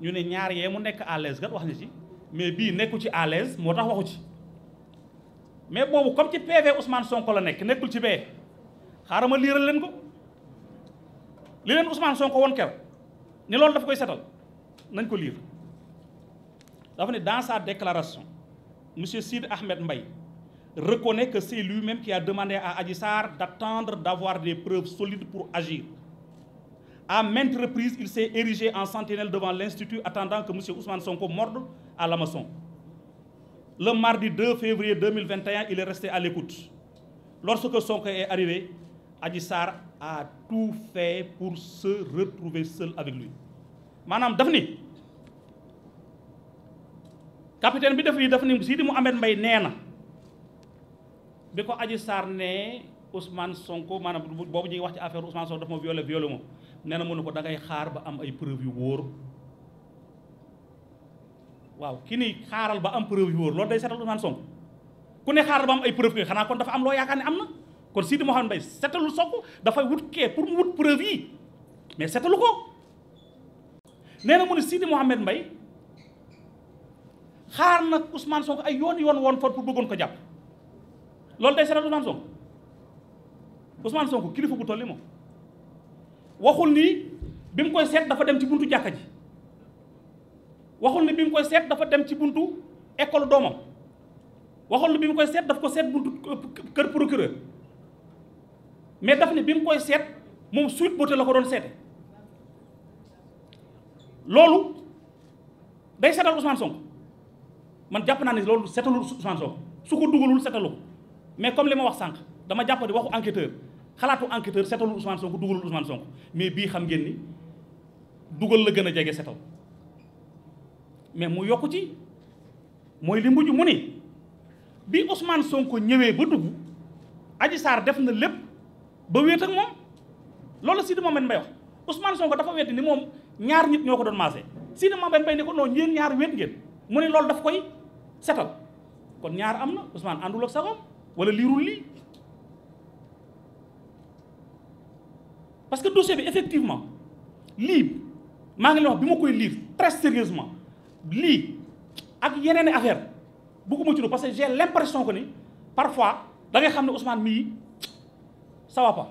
ñu ne ñaar yee mu nekk à l'aise kat wax na ci mais bii nekku ci à l'aise moo tax waxu ci mais boobu comme ci PV Ousmane Sonko la nekk nekkul ci bee xaaral ma liiral leen ko li leen Ousmane Sonko woon ker ni loolu daf koy setal nañ ko liir dafa ne dans sa déclaration monsieur Sid Ahmed mbay reconnaît que c'est lui-même qui a demandé à aji Sarr d'attendre d'avoir des preuves solides pour agir à maintes reprises il s'est érigé en sentinelle devant l'institut attendant que monsieur Ousmane Sonko morde à l'hameçon le mardi 2 février 2021 il est resté à l'écoute lorsque Sonko est arrivé aji Sarr a tout fait pour se retrouver seul avec lui maanaam daf ni capitaine bi def lii dafa ni Sidi Mouhamed Mbaye nee na bi ko Adji Sarr ne Ousmane Sonko maanaam boobu ñuy wax ci affaire Ousmane Sonko dafa ma violé violé ma nee na mënu ko da ngay xaar ba am ay preuve yu wóor waaw ki ni xaaral ba am preuve yu wóor loolu day seetal Ousmane Sonko ku ne xaaral ba am ay preuve yi xanaa kon dafa am loo yaakaar ne am na kon Sidi Mouhamed Mbaye seetalul Sonko dafay wut kee pour mu wut preuve yi mais seetalu ko nee na mu xaar nag Ousmane Sonko ay yoon yoon woon for pour bëggoon ko jàpp loolu day seetal Ousmane Sonko Ousmane Sonko kilifa bu tolli moom waxul ni bi mu koy seet dafa dem ci buntu jàkka ji waxul ni bi mu koy seet dafa dem ci buntu école doomam waxul ni bi mu koy seet daf ko seet buntu kër procureur mais daf ne bi mu koy seet moom suite boote la ko doon seete loolu day seetal Ousmane Sonko man jàpp naa ne loolu setalul Ousmane Sonko su ko dugalul setalu ko mais comme li ma wax sànq dama jàpp di waxu enquêteur xalaatu enquêteur setalul Ousmane Sonko dugalul Ousmane Sonko mais bii xam ngeen ni dugal la gën a jege setal mais mu yokku ci mooy li mujj mu ni bi Ousmane Sonko ñëwee ba dugg Adji def na lépp ba wéet ak moom loolu Sidi Mohamed Mbaye wax Ousmane Sonko dafa weddi ni moom ñaar nit ñoo ko doon maase Sidi Mohamed Mbaye ni ko non ñeen ñaar wéet ngeen mu ne loolu daf koy setal kon ñaar am na Ousmane àndul ak sagoom wala liirul lii parce que dossier bi effectivement lii maa ngi lay wax bi ma koy lire très sérieusement lii ak yeneen i affaire bëgguma ci parce que gen j'ai l'impression que ni parfois da xam ne Ousmane mii ça va pas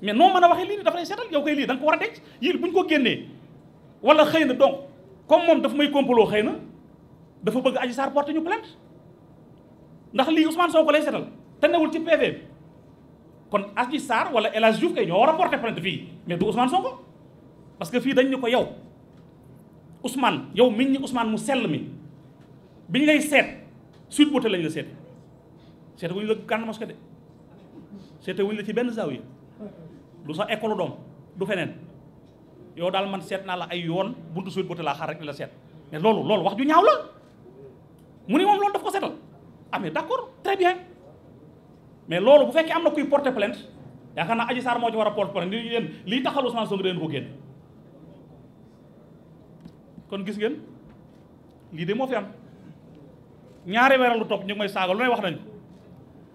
mais noo mën a waxee lii dafa lay seetal yow koy lii da ko war a denc yii bu ñu ko génnee wala xëy na donc comme moom daf may complot xëy na dafa bëgg Adji Sarr porté ñu plainte ndax lii Ousmane Sonko lay seetal te newul ci PV kon Adji Sarr wala El Hadj Diouf kay ñoo war a porté plainte fii mais du Ousmane Sonko parce que fii dañu ñu ko yow Ousmane yow miñ ñi Ousmane mu sell mi biñ lay seet suite boote lañ la seet seete wuñ la Grande Mosquée de seete wuñ la ci benn zawiya du sax école doom du feneen yow daal man seet naa la ay yoon buntu suite boote laa xaar rek la seet mais loolu loolu wax ju ñaaw la mu ni moom loolu daf ko seetal ah mais d' accord très bien mais loolu bu fekkee am na kuy porter plainte yaakaar naa Adji moo ci war a porter plainte ni leen lii taxal Ousmane Sonko deen ko génn kon gis ngeen lii de moo fi am ñaari weeral lu topp ñu ngi may saaga lu ne wax nañ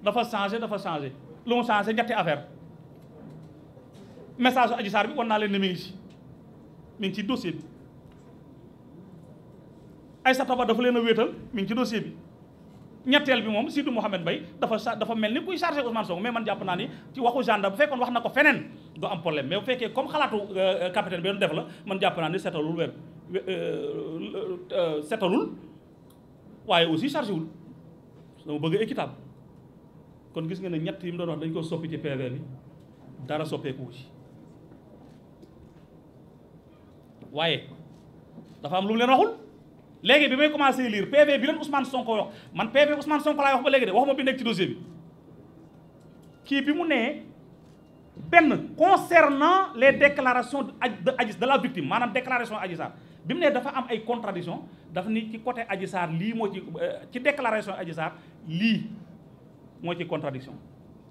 dafa changé dafa changé lu mu changé ñetti affaire message su Adji Sarr bi wan naa leen ne mi ngi ci dossier bi Aïssata Ba dafa leen a wéetal mi ngi ci dossier bi ñetteel bi moom Sidou Mohamed Bay dafa sa dafa mel ni kuy chargé Ousmane Sonko mais man jàpp naa ni ci waxu gendarme bu fekkoon wax na ko feneen du am problème mais bu fekkee comme xalaatu euh, euh, capitaine bi def la man jàpp naa ni setalul weer euh, setalul waaye aussi chargé wul dama bëgg équitable kon gis nga ne ñett yi mu doon wax dañ ko soppi ci PV bi dara soppeeku ci waaye dafa am lu mu leen waxul léegi bi may commencé lire PV bi leen Ousmane Sonko wax man PV Ousmane Sonko laay wax ba léegi de waxuma bi nekk ci dossier bi kii bi mu nee benn concernant les déclarations de Adji de la victime maanaam déclaration Adji bi mu nee dafa am ay contradiction dafa ni ci côté Adji lii moo ci euh, ci déclaration Adji lii moo ci contradiction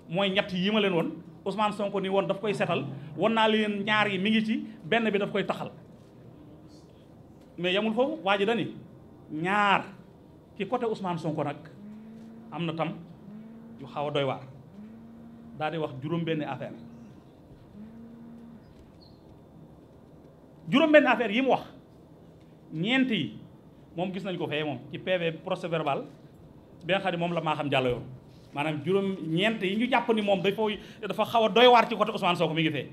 mooy ñett yi ma leen woon Ousmane Sonko ni woon daf koy setal won naa leen ñaar yi mi ngi ci benn bi daf koy taxal mais yamul foofu waa ji dani ñaar ci côté Ousmane Sonko nag am na tam yu xaw a doy waar daal di wax juróom-benn affaire juróom-benn affaire yi mu wax ñeenti yi moom gis nañ ko fee moom ci PV procès verbal bi nga xam moom la maa xam jàll yoon maanaam juróom ñeent yi ñu jàpp ni moom dafa dafa xaw a doy waar ci côté Ousmane Sonko mi ngi fee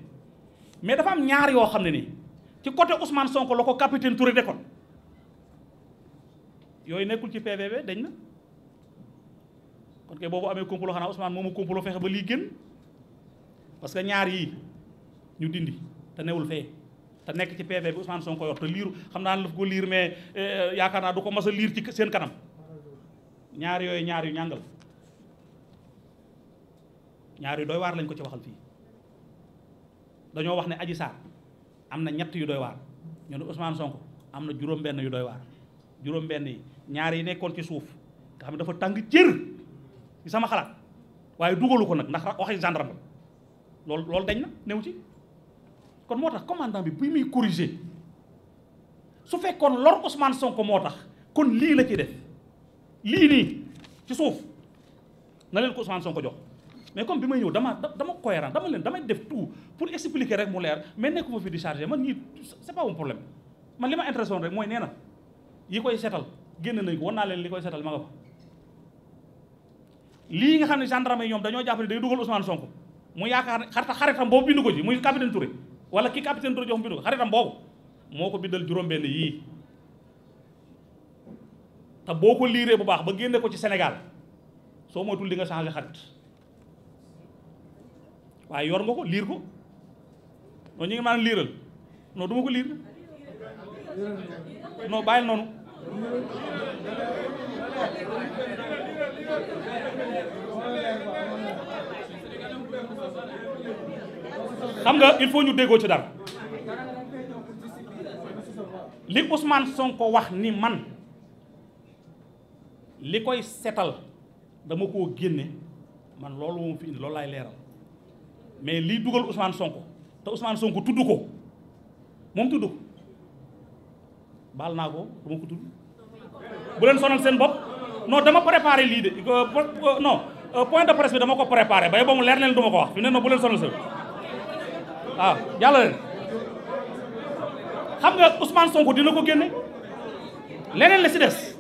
mais dafa am ñaar yoo xam ne nii ci côté Ousmane Sonko la ko capitaine Touré nekkoon yooyu nekkul ci PVB dañ na kon kay boobu amee complot xanaa Ousmane moomu complot fexe ba lii gën parce que ñaar yii ñu dindi te newul fee te nekk ci PV bi Ousmane Sonko yor te liiru xam naa ne daf ko liir mais euh, yaakaar naa du ko mas a liir ci seen kanam ñaar yooyu ñaar yu ñàngal ñaar yu doy waar lañ ko ci waxal fii dañoo wax ne Adji Sarr am na ñett yu doy waan ñu ne Ousmane Sonko am na juróom-benn yu doy waar juróom-benn yi ñaar yi nekkoon ci suuf nga xam ne dafa tàng jër ci sama xalaat waaye dugalu ko nag ndax waxi gendarme loolu loolu dañ na néew ci kon moo tax commandant bi bi muy corriger su fekkoon lor Ousmane Sonko moo tax kon lii la ci def lii nii ci suuf na leen ko Ousmane Sonko jox. mais comme bi may ñëw dama dama cohérent dama leen damay def tout pour expliquer rek mu leer mais nekk ma fi di chargé man ñii c'est pas un problème man li ma intéressé rek mooy nee na yi koy seetal génn nañ ko wan naa leen li koy setal ma lii nga xam ne gendarme yi ñoom dañoo jàpp ne day dugal Ousmane Sonko mu yaakaar ne xarta xaritam boobu bindu ko ci muy capitaine Touré wala kii capitaine Touré jox bindu ko xaritam boobu moo ko bindal juróom-benn yii boo ko liiree bu baax ba génne ko ci Sénégal soo moytul li nga changé xarit waaye yor nga ko liir ko non ñu ngi maanaam liiral non duma ko liir non noonu xam nga il faut ñu déggoo ci dara li Ousmane Sonko wax ni man li koy setal dama koo génne man loolu moom fi indi loolu lay leeral mais lii dugal Ousmane Sonko te Ousmane Sonko tudd ko moom tudd ko baal naa ko du ma ko bu leen sonal seen bopp non dama préparé lii de euh, euh, non euh, point de presse bi dama ko préparé bay ba mu leer leen du ko wax fi ne na bu leen sonal seen waaw ah, jàlla leen xam nga Ousmane Sonko dina ko génne leneen la si des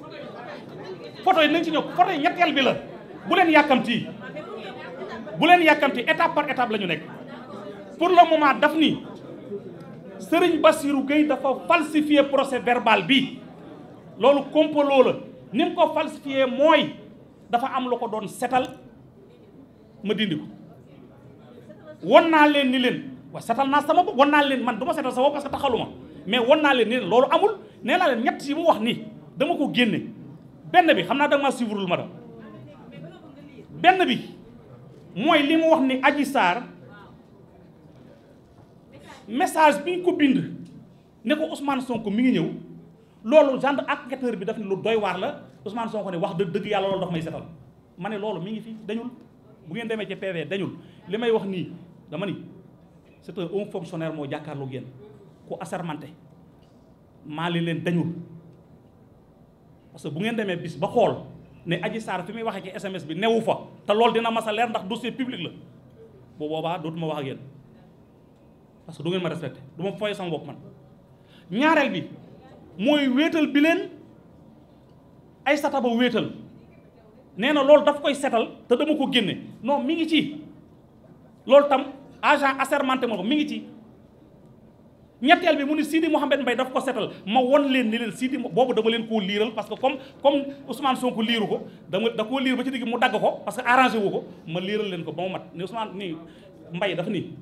photo yi nañ ñëw photo yi ñetteel bi la bu leen yàkkamti bu leen yàkkamti étape par étape la ñu nekk pour le moment daf ni Serigne Bassirou Gueye dafa falsifier procès verbal bi loolu complot la ni ko falsifier mooy dafa am lu ko doon setal ma dindi ko won naa leen ni leen wa setal naa sama bopp won naa leen man du ma setal sama bopp parce que taxaluma mais won naa leen ni leen loolu amul nee naa leen ñett yi mu wax nii dama ko génne benn bi xam naa da nga maa suivre lu ma benn bi. mooy li mu wax ni aji saar message bi ñu ko bind ne ko Ousmane sonk mi ngi ñëw loolu genre enquêteur bi daf ne lu doy waar la Ousmane Sonko ne wax dëgg dëgg yàlla loolu daf may setal ma ne loolu mi ngi fi dañul bu ngeen demee ci PV dañul li may wax nii dama ni c'est un haut fonctionnaire moo jàkkaarloo génn ku assermenté maa li leen dañul parce que bu ngeen demee bis ba xool ne Adji Sarr fi muy waxee ci SMS bi newu fa te loolu dina mas a leer ndax dossier public la bu boobaa dootuma wax ak yéen parce que du ngeen ma respecté du ma foyee sama bopp man. ñaareel bi mooy wéetal bi leen ay sata wéetal nee na loolu daf koy setal te dama ko génne non mi ngi ci loolu tam agent assermenté ma ko mi ngi ci. ñetteel bi mu ni Sidi Mouhamed Mbaye daf ko setal ma won leen ni leen Sidi boobu dama leen koo liiral parce que comme comme Ousmane Sonko liiru ko dama da koo liir ba ci digg mu dagg ko parce que arrangé wu ko ma liiral leen ko ba mu mat ni Ousmane ni Mbaye dafa ni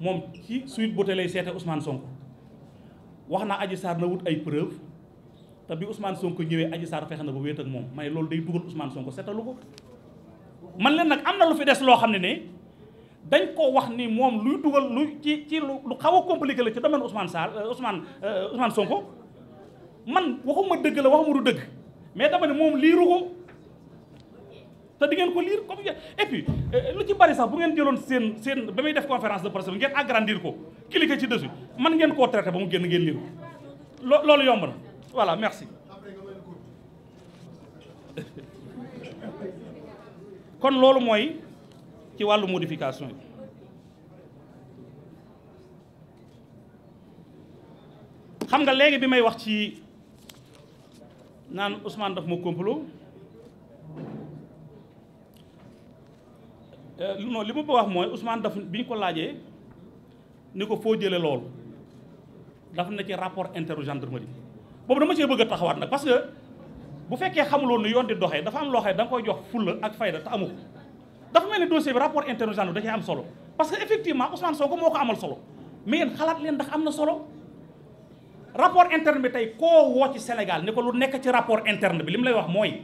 moom ci Sweet Beauté lay seete Ousmane Sonko wax naa Adji Sarr na wut ay preuve te bi Ousmane Sonko ñëwee Adji Sarr fexe na ba wéet ak moom may loolu day dugal Ousmane Sonko setalu ko man leen nag am lu fi des loo xam ne ne dañ koo wax ni moom luy dugal lu ci ci lu xaw a compliqué la ci domaine Ousmane saal euh, Ousmane euh, Ousmane Sonko man waxuma dëgg la waxuma du dëgg mais dama ne moom liiru ko te di ngeen ko liir comme et euh, lu ci bari sax bu ngeen jëloon seen seen ba muy def conférence de presse bi ngeen agrandir ko cliquer ci dessus man ngeen koo traité ba mu génn ngeen liir loolu yomb na voilà merci. kon loolu mooy. ci wàllu modification yi xam nga léegi bi may wax ci naan Ousmane daf ma complot euh, non li ma bëgg wax mooy Ousmane daf bi ñu ko laajee ni ko foo jële loolu daf na ci rapport interne gendarmerie boobu dama cee bëgg a taxawaat nag parce que bu fekkee xamuloon ni yoon di doxee dafa am loo xam ne da nga koy jox fulla ak fayda te amu dafa mel ni dossier bi rapport interne gendarme am solo parce que effectivement Ousmane Sonko moo ko xalaat leen ndax am na solo rapport interne bi tey koo woo ci Sénégal ni nekk ci rapport interne bi li mu lay wax mooy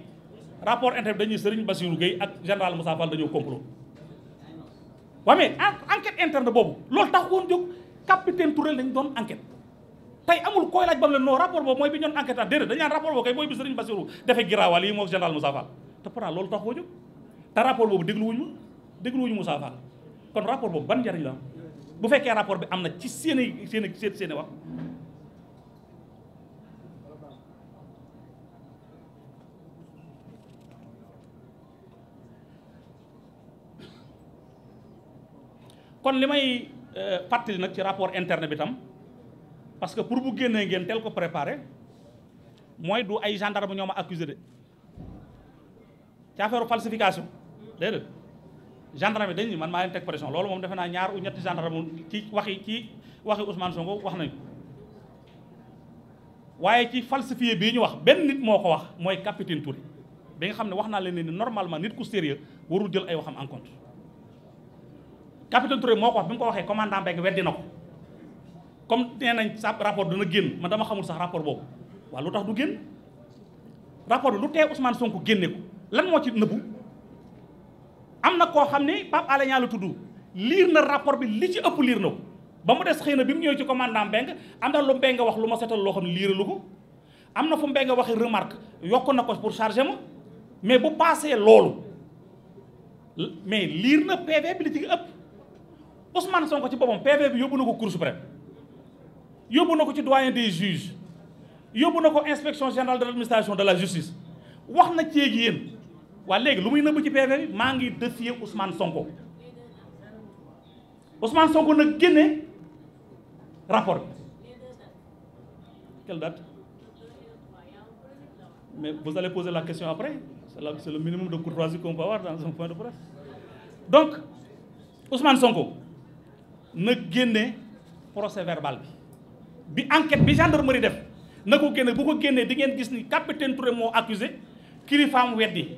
rapport interne bi dañuy Serigne Bassirou Gueye ak général Moussa Fall dañoo complot waa mais enquête interne boobu loolu tax woon jóg capitaine Touré lañ doon enquête loolu tax koo jóg te rapport boobu dégluwuñu ma dégluwuñu Moussa kon rapport boobu ban njariñ la bu fekkee rapport bi am na ci seen i seen i seen i wax kon li may euh, fàttali nag ci rapport interne bi tam parce que pour bu génnee ngeen teel ko préparé mooy du ay gendarme ñoo ma accusé de ci falsification déedéet gendarme yi dañu man maa leen teg pression loolu moom defe naa ñaar u ñetti gendarme ci waxi ci waxi Ousmane Sonko wax nañu waaye ci falsifié bii ñu wax benn nit moo ko wax mooy capitaine Touré bi nga xam ne wax naa leen ne normalement nit ku sérieux warul jël ay waxam en compte capitaine Touré moo ko wax bi nga ko waxee commandant Mbengue weddi na ko comme nee nañ sa rapport dana génn ma dama xamul sax rapport boobu waaw lu tax du génn rapport lu tee Ousmane Sonko génne ko lan moo ci nëbbu. am na koo xam ne Pape Alé Niang la liir na rapport bi li ci ëpp liir na ko ba mu des xëy na bi mu ñëwee ci commandant Mbengue am na lu Mbengue wax lu ma setal loo xam ne liiralu ko am na fu Mbengue waxee remarque yokk na ko pour chargé ma mais bu paasee loolu mais liir na PV bi li ci ëpp Ousmane Sonko ci boppam PV bi yóbbu na ko Cour suprême yóbbu na ko ci doyen des juges yóbbu na ko inspection générale de l'administration de la justice wax na ci yéen. waa léegi lu muy nëbb ci PV bi maa ngi défier Ousmane Sonko Ousmane Sonko nag génne rapport bi quelle date mais vous la question après c'est le minimum de courtoisie qu'on peut avoir dans un point Sonko na génne procès verbal bi bi enquête bi gendarmerie def na ko génne bu ko génnee di ngeen gis ni capitaine Touré moo accusé kilifaam weddi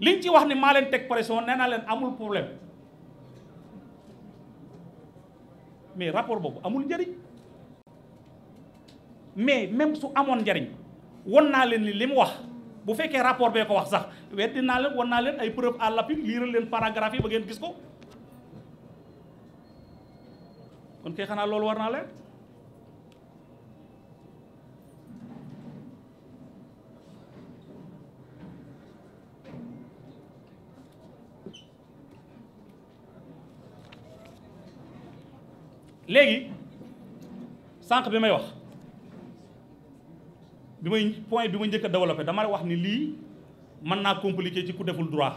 liñ ci wax ni maa leen teg pression nee naa leen amul problème mais rapport boobu amul njëriñ mais même su amoon njariñ won naa leen ni li mu wax bu fekkee rapport bee ko wax sax weddi naa leen won naa leen ay preuve à l'appui liiral leen paragraphe yi ba ngeen gis ko kon kay xanaa loolu war naa leen léegi sanq bi may wax bi may point bi ma njëkk a développé dama wax ni lii mën naa compliqué ci ku deful droit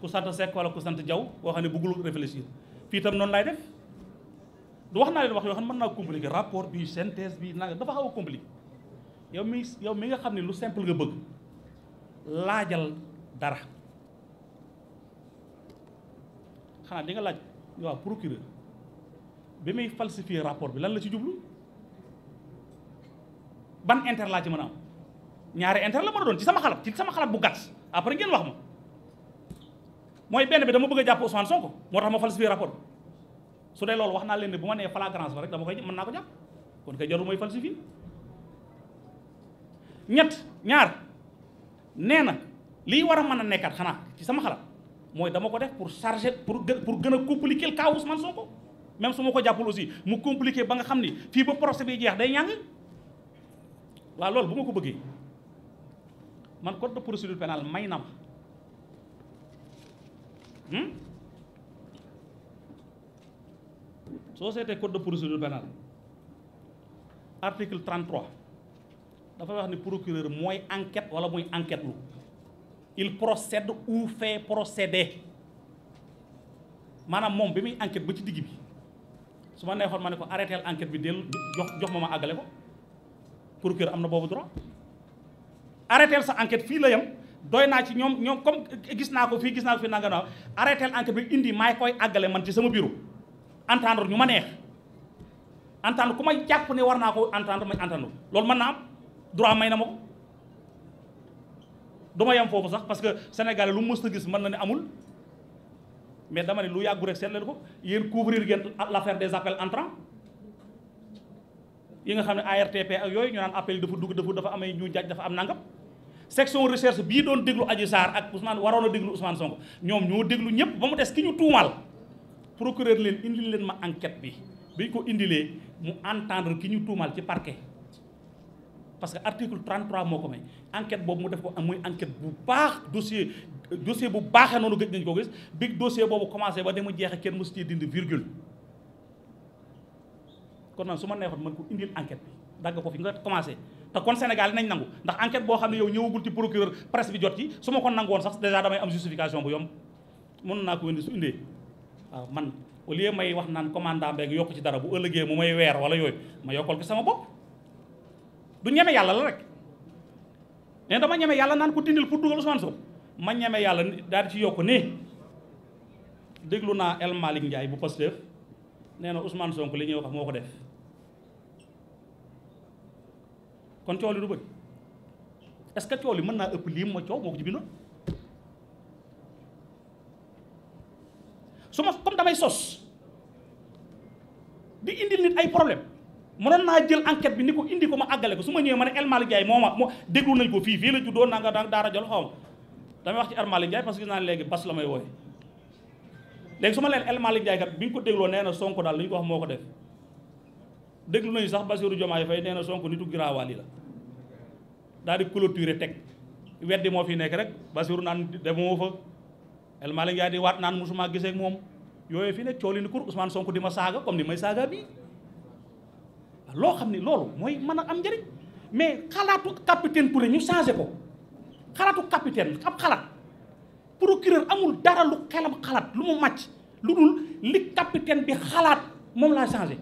ku sant Seck wala ku sant Jaw koo xam ne bëggul réfléchir fii tam noon laay def du wax naa leen wax yoo xam ne mën naa compliqué rapport bi synthèse bi nanga dafa xaw a compliqué yow mi yow mi nga xam ne lu simple nga bëgg laajal dara xanaa di nga laaj waaw procureur bi muy falsifier rapport bi lan la ci jublu ban inter laa ci man a am ñaari inter la ma a doon ci sama xalaat ci sama xalaat bu gàtt après ngeen wax ma mooy benn bi dama bëgg a jàpp Ousmane Sonko moo tax ma falsifier rapport bi su dee loolu wax naa leen ne bu ma nee flagrance la rek dama koy mën naa ko jàpp kon kay jarul mooy falsifier ñett ñaar nee na lii war a mën a nekkaat xanaa ci sama xalaat mooy dama ko def pour charger pour gën pour gën a compliquer le cas Ousmane Sonko même su ma ko jàppul aussi mu compliqué ba nga xam ni fii ba procès bi jeex day ñàng waaw loolu bu ma ko bëggee man code de procédure pénale may na ma hmm? soo seetee code de procédure pénale article 33 dafay wax ni procureur mooy enquête wala muy enquête lu il procède ou fait procéder maanaam moom bi muy enquête ba ci digg bi su ma neexoon ma ne ko arrêté enquête bi dellu jox jox ma ma àggale ko pour procureur am na boobu droit arrêté sa enquête fii la yem doy naa ci ñoom ñoom comme gis naa ko fii gis naa ko fii nanga naa arrêté enquête bi indi maay koy àggale man ci sama bureau entendre ñu ma neex entendre ku ma jàpp ne war naa ko entendre ma entendre loolu man naa am droit may na ma ko du ma yem foofu sax parce que Sénégalais lu mës na gis mën na ne amul mais dama ne lu yàggu rek leen ko yéen couvrir ngeen l' affaire des appels entrants yi nga xam ne ARTP ak yooyu ñu naan appel dafa dugg dafa dafa amee ñu jaaj dafa am nangam. section recherche bii doon déglu Adji Sarr ak Ousmane waroon a déglu Ousmane Sonko ñoom ñoo déglu ñëpp ba mu des ki ñu tuumaal procureur leen indil leen ma enquête bi bi ñu ko indilee mu entendre ki ñu tuumaal ci parke parce que article 33 moo ko may enquête boobu mu def ko muy enquête bu baax dossier dossier bu baaxee noonu gëj nañ ko gis bi dossier boobu commencé ba demu jeexee kenn mosu cee dindi virgule kon nag su ma neexoon man ko indil enquête bi dagg ko fi nga commencé te kon Sénégal yi nañ nangu ndax enquête boo xam ne yow ñëwagul ci procureur presse bi jot ci su ma ko nangu woon sax dèjà damay am justification bu yomb mën naa ko indi su indee waaw ah, man au may wax naan commandant beeg yokk ci dara bu ëllëgee mu may weer wala yooyu ma yokkal sama bopp du ñeme yàlla la rek ne dama ñeme yàlla naan ko dindil pour dugal Ousmane ma ñeme yàlla daal di ci yokk ne déglu naa El Malick Ndiaye bu Pastef nee na Ousmane Sonko li ñuy wax moo ko def kon coow du bëri est-ce que coow li mën naa ëpp lii ma coow moo ko ci bindoon su ma comme damay sos di indil nit ay problème mu mënoon naa jël enquête bi ni ko indi ko ma àggale ko su ma ñëwee ma ne El Malick Ndiaye moo moo déglu nañ ko fii fii la juddoo nanga danga daara jol xaw ma damay wax ci El Malick Ndiaye parce que gis naa ne léegi bas la may su ma leen El Malick bi ñu ko dégloo nee na Sonko daal li wax moo ko def déglu nañu sax Bassirou Diomaye Faye nee na Sonko nitu giraawaal yi la daal di clôturer teg weddi moo fi nekk rek Bassirou naan demoo fa El Malick Ndiaye di waat naan musuma gisee ak moom yooyu fi ne coow li ni kur Ousmane Sonko di ma saaga comme ni may saaga bii loo xam ni loolu mooy mën a am njëriñ mais xalaatu capitaine Touré ñu changé ko xalaatu capitaine ab xalaat procureur amul dara lu xelam xalaat lu mu màcc lu dul li capitaine bi xalaat moom laa changé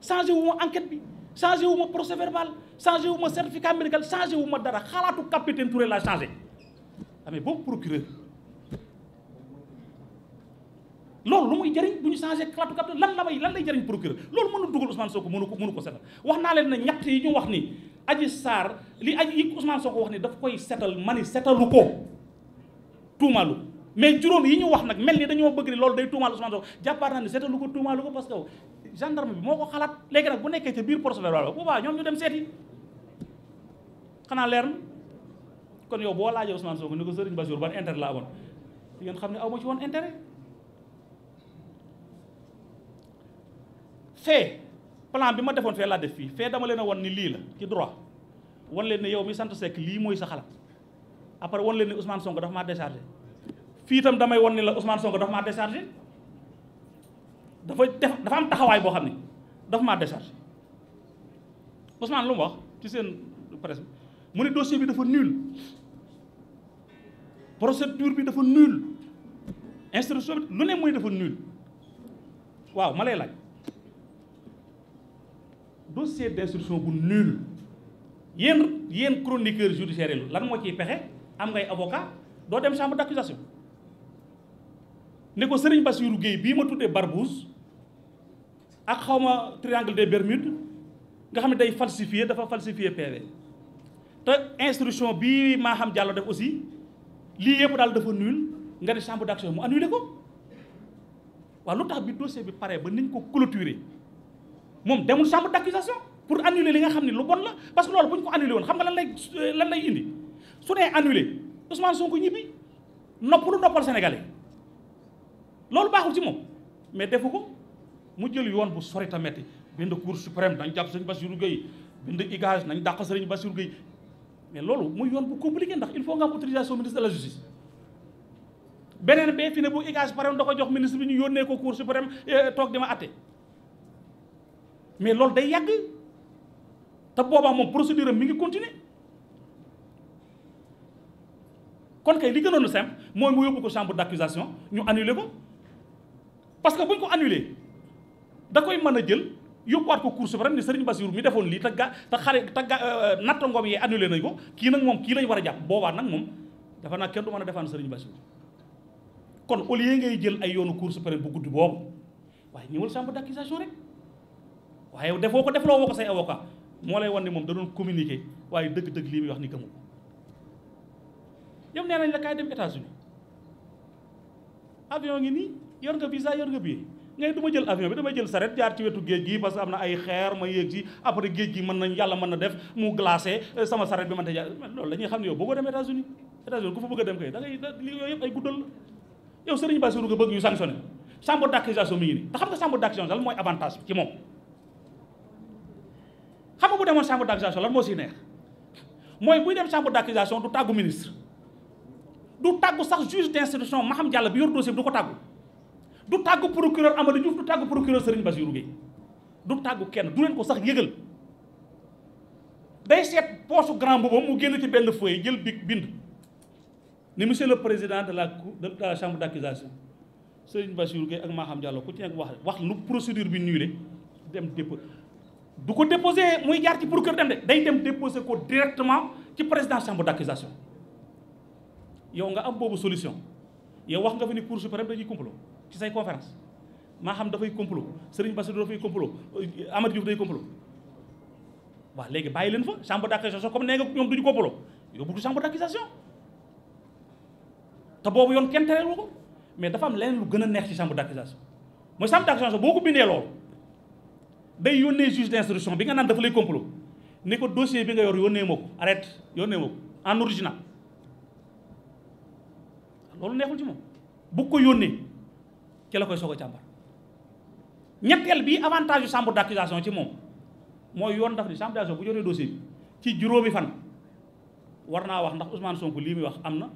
changé wu ma enquête bi changé wu ma procès verbal changé wu ma certificat médical changé wu ma dara xalaatu capitaine Touré laa changé amee boobu procureur lool lu muy jëriñ bu ñu changé xalaatu cap lan la may lan lay jëriñ procureur loolu mën na dugal Ousmane Sonko mënu ko mënu ko setal wax naa leen ne ñett yi ñu wax ni Adji saar li aji yi Ousmane ko wax ni daf koy setal mani setalu ko tuumalu mais juróom yi ñu wax nag mel ni dañoo bëgg ni loolu day tuumaal Ousmane Sonko jàppaar naa ni setalu ko tuumalu ko parce que gendarme bi moo ko xalaat léegi nag bu nekkee ca biir procès verbal boobaa ñoom ñu dem seeti xanaa leer na kon yow boo laajee Ousmane Sonko ni ko Serigne Bassirou ban intérêt la amoon ngeen xam ne aw ma ci woon intérêt fee plan bi ma defoon fee laa def fii fee dama leen a wan ni lii la ci droit wan leen yow mi sant Seck lii mooy sa xalaat après wan leen ne Ousmane Sonko dafa maa déchargé fii itam damay won ni la Ousmane Sonko dafa maa déchargé dafa def dafa am taxawaay boo xam ne dafa ma déchargé Ousmane lu mu wax ci seen presse mu ne dossier bi dafa nul procédure bi dafa nul instruction bi lu ne mooy dafa nul waaw ma lay laaj. dossier d'instruction bu nul yéen yéen chroniqueur judiciaire lan moo ciy pexe am ngay avocat doo dem chambre d'accusation ne ko Serigne Bassirou Gueye bii ma tuddee Barbouze ak xawma ma triangle de Bermudes nga xam ne day falsifier dafa falsifier PV te instruction bii maa xam Diallo def aussi lii yëpp daal dafa nul nga ne chambre d'action mu annulé ko waaw lu tax bi dossier bi pare ba niñ ko clôturer moom demul chambre d'accusation pour annuler li nga xam ne lu bon la parce que loolu bu ñu ko annulé woon xam nga lan lay lan lay indi su nee annulé Ousmane Sonko ñibbi noppalu noppal sénégalais loolu baaxul ci moom mais defu ko mu jël yoon bu sori tamit bind cour suprême dañ jàpp sëriñ Bassirou Gueye bind igage nañ dàq sëriñ Bassirou Gueye mais loolu muy yoon bu compliqué ndax il faut nga am autorisation ministre de la justice beneen bee fi ne bu igage pare ko jox ministre ñu yónnee ko cour suprême eh, toog di ma mais loolu day yàgg te boobaa moom procédure am mi ngi continuer kon kay li gënoon simple mooy mu yóbbu ko chambre d'accusation ñu annuler ko parce que bu ñu ko annuler da koy mën a jël yóbbuwaat ko cour suprême ni Serigne Bassirou mi defoon lii te ga te xare te ga euh, natt ngoom yee annulé nañ ko kii nag moom kii lañ war a jàpp boobaa nag moom dafa naa kenn du man a defaan Serigne Bassirou kon au lieu ngay jël ay yoonu cour suprême bu gudd boobu waaye ñëwal chambre d'accusation rek. waaye defoo ko defloo woo ko say avocat moo lay wan ne moom da doon communiquer waaye dëgg-dëgg lii muy wax ni gëmu ko yow nee nañ la kaay dem États-Unis avion ngi nii yor nga visa yor nga billet ngay du jël avion bi damay jël saret jaar ci wetu géej gi parce que am na ay xeer ma yéeg ci après géej gi mën nañ yàlla mën na def mu glacé euh, sama saret bi mën ta jaar loolu la xam ne yow bëggoo dem États-Unis États-Unis ku fa bëgg a dem kay da ay guddal la yow Serigne Bassirou nga bëgg xam nga chambre d'accusation dal mooy avantage bi ci moom xam nga bu demoon chambre d'accusation lan moo si neex mooy buy dem chambre d'accusation du tàggu ministre du tàggu sax juge d'instruction Maham Diallo bi yor dossier du ko tàggu du tàggu procureur Amadou Diouf du tàggu procureur Serigne Bassirou Gueye du tàggu kenn du leen ko sax yëgal day seet poosu grand boubam mu génn ci benn yi jël bi bind ni monsieur le président de la cour de la chambre d'accusation Serigne Bassirou Gueye ak Maham Diallo ku ci nekk wax wax lu bi nulé dem dépôt du ko déposé muy jaar ci procureur dem de day dem déposé ko directement ci président chambre d'accusation yow nga am boobu solution yow wax nga fi ni cour suprême dañuy complot ci say conférence maa xam dafay complot Serigne Bassirou dafay complot euh, Amady Diouf day complot waaw léegi bàyyi leen fa chambre d'accusation comme nee nga ñoom duñu complot yow bu du chambre d'accusation te boobu yoon kenn tereelu ko mais dafa am leneen lu gën a neex ci chambre d'accusation mooy chambre d'accusation boo ko bindee loolu day yónnee juge d'instruction bi nga naan dafa lay complot ni ko dossier bi nga yor yónnee ma ko arrête yónnee ma en original loolu neexul ci moom bu ko yónnee ci la koy soog a càmbar bi avantage yu chambre d'accusation moom mooy yoon daf ni chambre d'accusation bu jotee dossier bi ci juróomi fan war naa wax ndax Ousmane Sonko lii muy wax am na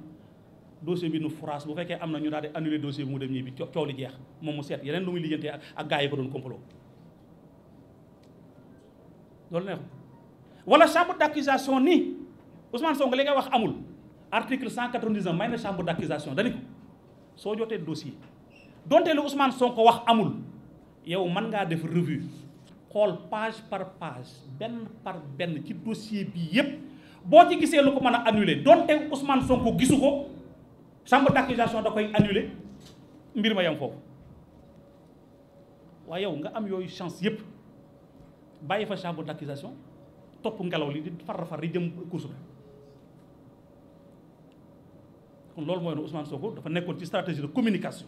dossier bi nu France bu fekkee am na ñu daal di annuler bi mu dem ñii bi coow li jeex moom mu seet yeneen lu muy lijjantee ak ak yi ko doon complot loolu neexul wala chambre d'accusation ni Ousmane Sonko li nga wax amul article 199 may na chambre d'accusation dani ko soo jotee dossier donte lu Ousmane Sonko wax amul yow man ngaa def revue xool page par page benn par benn ci dossier bii yépp boo ci gisee lu ko mën a annuler donte Ousmane Sonko gisu ko chambre d'accusation da koy annuler mbir ma yam foofu waaye yow nga am yooyu chance yépp bàyyi fa chambre d'accusation topp ngelaw li di far far di jëm cour suprême kon loolu mooy ne Ousmane Sonko dafa nekkoon ci stratégie de communication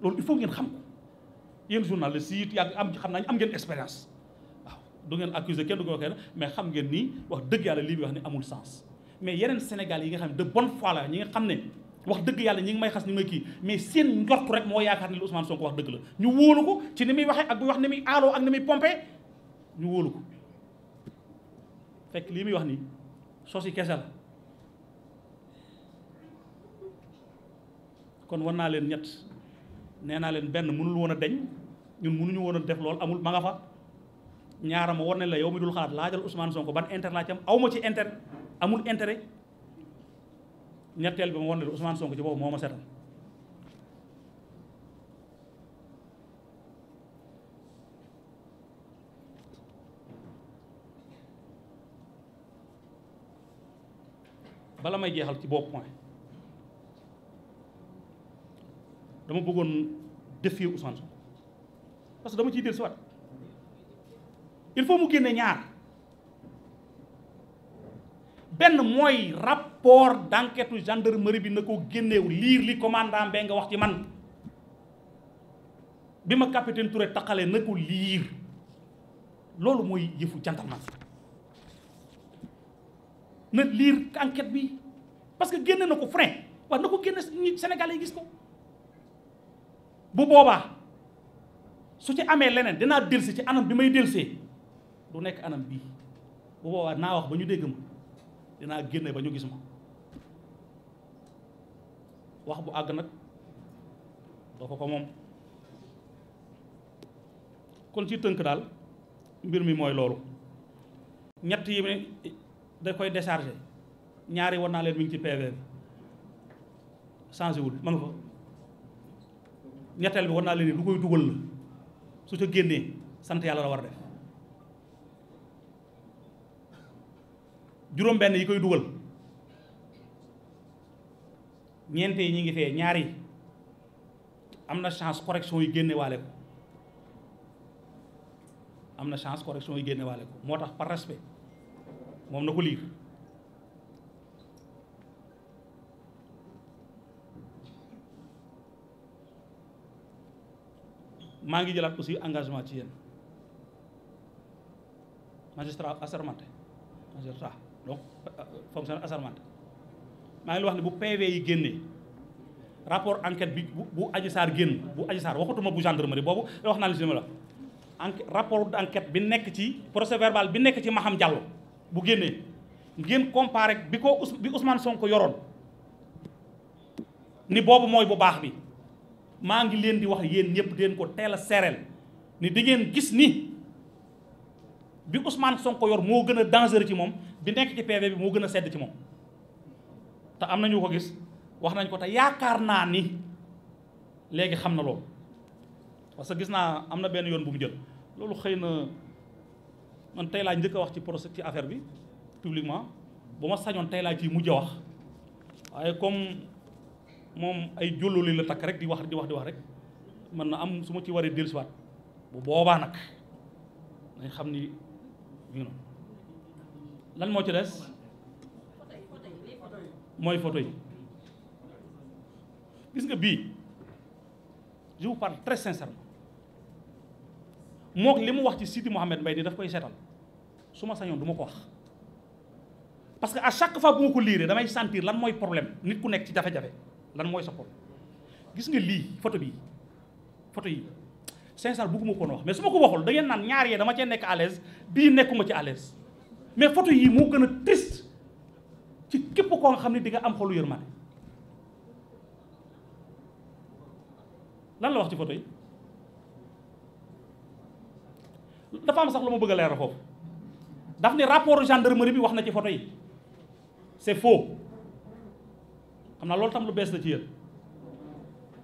loolu il faut ngeen xam ko yéen journalistes yi yàgg am xam naa am ngeen expérience waaw du ngeen accuser kenn du ko waxee mais xam ngeen ni wax dëgg yàlla lii bi wax ni amul sens mais yeneen Sénégal yi nga xam ne de bonne foi la ñi nga xam ne wax dëgg yàlla ñi ngi may xas ni may kii mais seen njort rek moo ni Ousmane Sonko wax dëgg la ñu wóolu ko ci ni muy waxee ak wax ni muy aaloo ak ni muy pompé ñu wóolu ko fekk lii muy wax nii sos yi kese la kon war naa leen ñett nee naa leen benn mënul woon a deñ ñun mënuñu ñu a def lool amul ma nga fa ñaara ma war ne la yow mi dul xalaat laajal Ousmane Sonko ban intérêt laa ci am aw ma ci intérêt amul intérêt ñetteel bi ma war ne la Ousmane Sonko ci boobu moo ma setal bala may jeexal ci boobu point dama bëggoon défier Ousmane Sonko parce que dama ciy del si waat il faut mu génne ñaar benn mooy rapport d'enquête gendarmerie bi na ko génneew liir li commandant Mbengue nga wax ci man bi ma capitaine toure taxalee na ko liir loolu mooy yëfu gentleman na liir enquête bi parce que génne na ko frein wax na ko génne nit Sénégalais yi gis ko bu boobaa su ci amee leneen dinaa delsi ci anam bi may delsee du nekk anam bii bu boobaa naa wax ba ñu dégg ma dinaa génne ba ñu gis ma wax bu àgg nag doo ko ko moom kon ci tënk daal mbir mi mooy loolu ñett yi da koy déchargé ñaari war naa leen mi ngi ci PV bi changé wul ma fa ñetteel bi war naa leen lu koy dugal la su ci génnee sant yàlla la war a def juróom benn yi koy dugal ñeente yi ñu ngi fee ñaari am na chance correction yi génne waale ko am na chance correction yi génne waale ko moo tax par respect moom na ko liir maa ngi jëlaat aussi engagement ci yéen magistrat assermenté magistrat donc euh, fonctionnaire assermenté maa ngi wax ne bu PV yi génnee rapport enquête bi bu bu Adji Sarr génn bu Adji waxatuma bu gendarmerie boobu wax naa li si ma la rapport d' bi nekk ci procès verbal bi nekk ci Maham Diallo bu génnee ngeen comparé bi ko Ous bi Ousmane Sonko yoroon ni boobu mooy bu baax bi maa ngi leen di wax yéen ñëpp deen ko teel a seereel ni di ngeen gis ni bi Ousmane Sonko yor moo gën a dangereux ci moom bi nekk ci PV bi moo gën a sedd ci moom te am nañu ko gis wax nañ ko te yaakaar naa ni léegi xam na loolu parce que gis naa am na benn yoon bu mu jël loolu xëy na man tey laa njëkk a wax ci procès ci affaire bi publiquement bu ma sañoon tey laa ciy mujj a wax waaye comme moom ay jólloli la takk rek di wax di wax di wax rek mën na am su ma ci waree dellusiwaat bu boobaa nag dañ xam ni ñu noonu lan moo ci des mooy photo yi gis nga bii je vous parle très mook li mu wax ci Sidi Mouhamed Mbaye ni daf koy seetal su ma sañoon du ma ko wax parce que à chaque fois bu ma ko liiree damay sentir lan mooy problème nit ku nekk ci jafe-jafe lan mooy sa gis nga lii photo bii foto yi sincère bëgguma ko woon wax mais su ma ko waxul da ngeen naan ñaar yee dama cee nekk à l'aise bii nekkuma ci à mais photo yi moo gën a triste ci képp koo nga xam ne di nga am xolu yërmande lan la wax ci photo yi dafa am sax lu ma bëgg a leeral foofu daf ne gendre gendarmerie bi wax na ci photo yi c'est faux xam naa loolu tam lu bees la ci yéen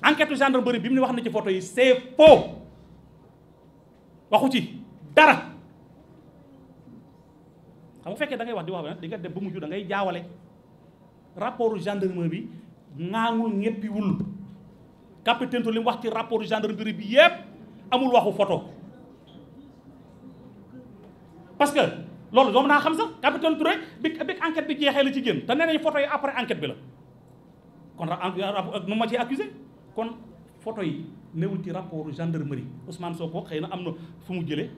enquête gendarmerie bi mu ne wax na ci photo yi c'est faux waxu ci dara xam nga fekkee da ngay wax di wax di nga dem ba mujj da ngay jaawale rapport gendarmerie bi ŋaangul ñeppiwul capitaine li mu wax ci rapport gendarmerie bi yépp amul waxu photo parce que loolu doomu naa xam sax capitaine Touré bi bi enquête bi jeexee la ci génn te nee nañ photo yi après enquête bi la kon nu ma ci accusé kon photo yi newul ci rapport gendarmerie Ousmane Sonko xëy na am na fu mu jëlee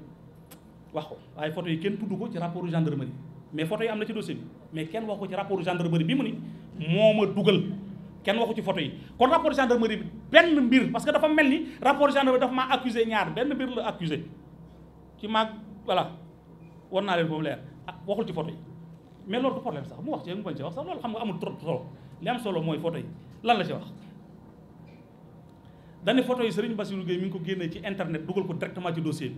wax ko waaye photo yi kenn tudd ko ci rapport gendarmerie mais photo yi am na ci dossier bi mais kenn wax ko ci rapport gendarmerie bi mu ni moo ma dugal kenn waxu ci photo yi kon rapport gendarmerie bi benn mbir parce que dafa mel ni rapport gendarmerie dafa maa accusé ñaar benn mbir la accusé ci maag voilà war naa leen boobu leer ah waxul ci photo yi mais loolu du problème sax mu wax ci mu bañ ci wax sax loolu xam nga amul trop solo li am solo mooy photo yi lan la ci wax dane photo yi Serigne Bassirou Gueye mi ngi ko génnee ci internet dugal ko directement ci dossier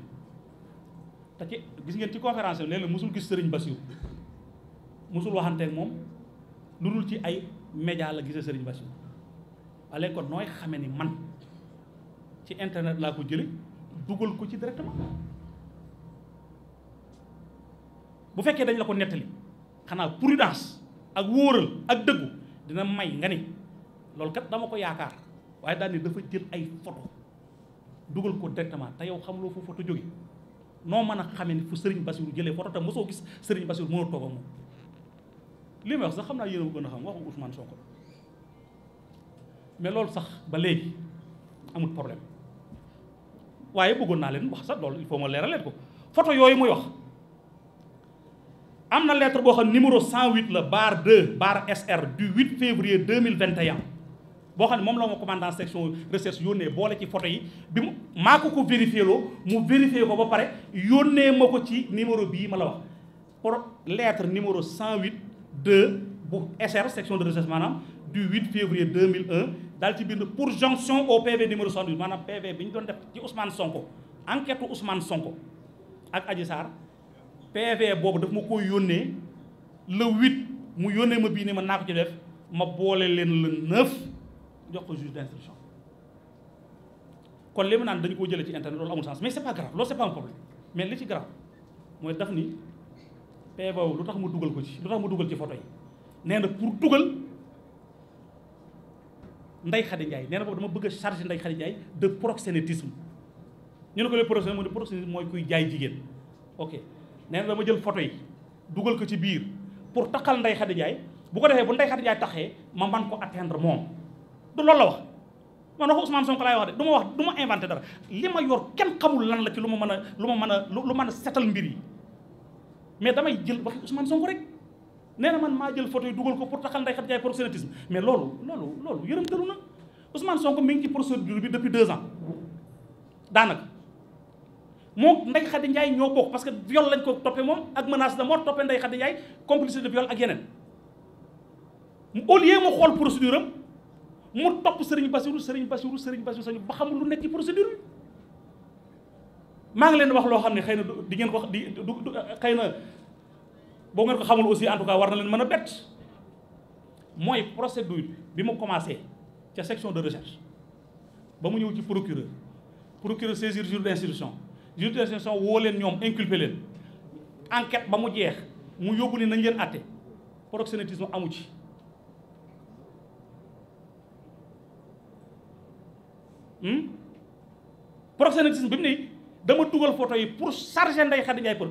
bi te ci gis ngeen ci conférence yi léeg-léeg mosul gis Serigne Bassirou mosul waxanteeg moom lu dul ci ay média la gisee Serigne Bassirou ale kon nooy xamee ni man ci internet laa ko jële dugal ko ci directement bu fekkee dañ la ko nettali xanaa prudence ak wóoral ak dëggu dina may nga ni loolu kat dama ko yaakaar waaye daal ni dafa jël ay photo dugal ko directement te yow xamuloo fu photo jóge noo mën a xamee ni fu Serigne Bassirou jëlee photo te mosoo gis Serigne Bassirou mënoo toog ak moom li may wax sax xam naa yéen a gën a xam waxu Ousmane Sonko mais loolu sax ba léegi amul problème waaye bëggoon naa leen wax sa loolu il faut ma leeraleen ko photo yooyu muy wax. am na lettre boo xam numéro 108 la barre 2 barre SR du 8 février 2021 boo xam ne moom la ma commandant section recherche yónnee boole ci photo yi bi mu maa ko ko vérifié loo mu vérifié ko ba pare yónnee ma ko ci numéro bii ma la wax pour lettre numéro 108 2 bu SR section de recherche maanaam du 8 février 2001 dal ci bind pour jonction au PV numéro 108 maanaam PV bi ñu doon def ci Ousmane Sonko enquête Ousmane Sonko ak Adji Sarr PV boobu daf ma koy yónnee le huit mu yónnee ma bii ne ma naa ko ci def ma boole leen le neuf jox ko juge kon li ma naan dañu koo jëlee ci internet loolu amul sens mais c'est pas grave loolu c'est pas un mais li ci grave mooy daf ni PV boobu lu tax ma dugal ko ci lu tax mu dugal ci photo yi nee na pour dugal Ndeye Khady Ndiaye nee boobu dama bëgg a charger Ndeye Khady Ndiaye de proxénétisme ñu ne ko le proxénétisme mooy proxénétisme mooy kuy jaay jigéen ok nee na dama jël photo yi dugal ko ci biir pour taxal ndey Khady Ndiaye bu ko defee bu Ndeye Khady Ndiaye taxee ma man ko atteindre moom du loolu la wax man waxu Ousmane Sonko laay wax de du ma wax ma inventé dara li ma yor kenn xamul lan la ci lu ma mën a lu ma mën a lu mën a setal mbir yi mais damay jël waxi Ousmane Sonko rek nee na man maa jël photo yi dugal ko pour taxal Ndeye Khady Ndiaye proxénétisme mais loolu loolu loolu yërëmtalu na Ousmane Sonko mi ngi ci procédure bi depuis deux ans daanaka moo Ndeye Khady Ndiaye ñoo bokk parce que viol lañ ko toppee moom ak menace de mort toppee Ndeye Khady Ndiaye complicité de viol ak yeneen au lieu mu xool procédure am mu topp Serigne Bassirou Serigne Bassirou Serigne Bassirou Serigne ba xamul lu nekk ci procédure bi maa ngi leen wax loo xam ne xëy na di ngeen ko di du xëy na boo ngeen ko xamul aussi en tout cas war na leen mën a bett mooy procédure bi mu commencé ca section de recherche ba mu ñëw ci procureur procureur saisir juge d'instruction juge d'instruction woo leen ñoom inculpé leen enquête ba mu jeex mu yóbbu ne nañ leen àtte proxénétisme amu ci hmm? proxénétisme bi mu ne dama dugal photo yi pour charger Ndeye Khady Ndiaye pour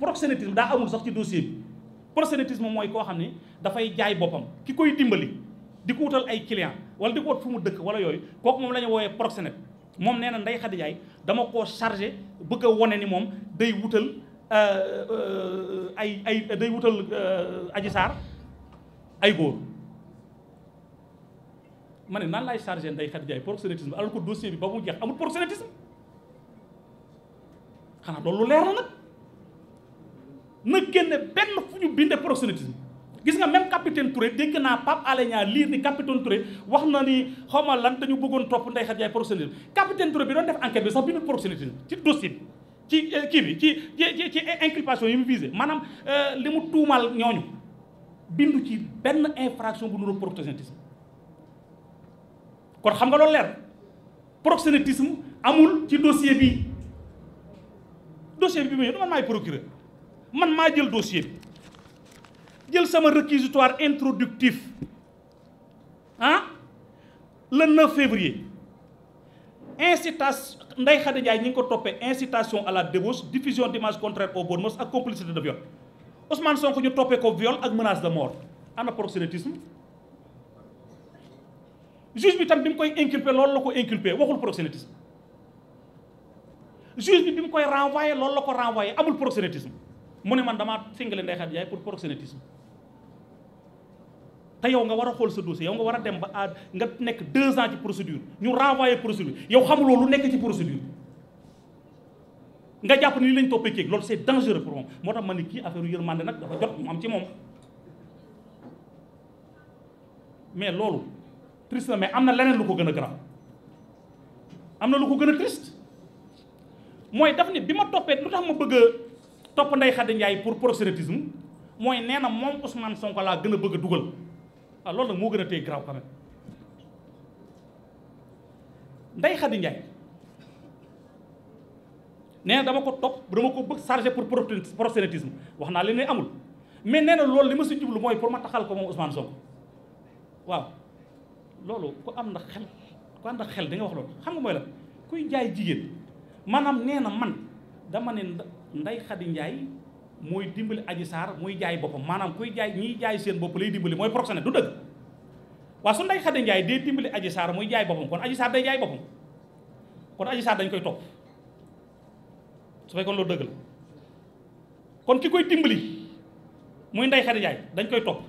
proxénétisme daa amul sax ci dossier bi proxénétisme mooy koo xam ni dafay jaay boppam ki koy dimbali di ko wutal ay client wala di ko wut fu mu dëkk wala yooyu kooku moom la ñu woowee proxénète moom nee na Ndeye Khady Ndiaye dama koo chargé bëgg a wone ni moom day wutal euh, euh, ay ay day wutal euh, Adji Sarr ay góor ma ne nan laay chargé ndey Khady Ndiaye proxénétisme alors que dossier bi ba mu jeex amul proxénétisme xanaa loolu leer na nag na génne benn fu ñu bindee proxénétisme gis nga même capitaine Touré dégg naa Pape Alé Niang liir ni capitaine Touré wax na ni xaw ma lan te bëggoon topp Ndeye Khady Ndiaye proxénétisme capitaine Touré bi doon def enquête bi sax bi ñu ci euh, kii bi ci ci ci inculpation yi mu visé maanaam euh, li mu tuumal ñooñu bindu ci benn infraction bu nuru proxénétisme kon xam nga loolu leer proxénétisme amul ci dossier bi dossier bi bi mu ñëw man maay procureur man maa jël dossier bi jël sama réquisitoire introductif ah le 9 février incitation Ndeye Khady Ndiaye ñi ngi ko toppee incitation à la débauche diffusion d'images contraires aux bonnes mœurs ak complicité de viol Ousmane Sonko ñu toppee ko viol ak menace de mort ana proxénétisme juge bi tam bi mu koy inculpé loolu la ko inculpé waxul proxénétisme juge bi bi mu koy renvoyé loolu la ko renvoyé amul proxénétisme mu ne man damaa singale Ndeye Khady Ndiaye pour proxénétisme te yow nga war a xool sa dossier yow nga war a dem ba à nga nekk deux ans ci procédure ñu renvoyé procédure yow xamuloo lu nekk ci procédure nga jàpp ni li lañ toppee kéeg loolu c'est dangereux pour moom moo tax ma ne kii affaire yërmande nag dafa jot mu am loolu triste mais am na leneen lu ko gën a grave am na lu ko gën a triste mooy daf ni bi ma toppee lu tax ma bëgg a topp Ndeye Khady Ndiaye pour proxénétisme mooy nee na moom Ousmane Sonko laa gën a bëgg dugal ah loolu nag moo gën a tey garaaw quand même Ndeye Khady Ndiaye dama ko topp dama ko bëgg chargé pour proxénétisme wax naa leen ne amul mais nee na loolu li ma si jublu mooy pour ma taxal ko moom Ousmane Sonko waaw loolu ku am na xel ku am na xel da wax loolu xam nga mooy la kuy njaay jigéen maanaam nee na man dama ne Ndeye Khady Ndiaye mooy dimbali aji saar muy jaay boppam maanaam kuy jaay ñiy jaay seen bopp lay dimbali mooy proxénète du dëgg waa su nday xadi njaay dee dimbali aji saar muy jaay boppam kon aji saar day jaay boppam kon aji saar dañ koy topp su fekkoon loolu dëgg la kon ki koy dimbali muy nday xadi njaay dañ koy topp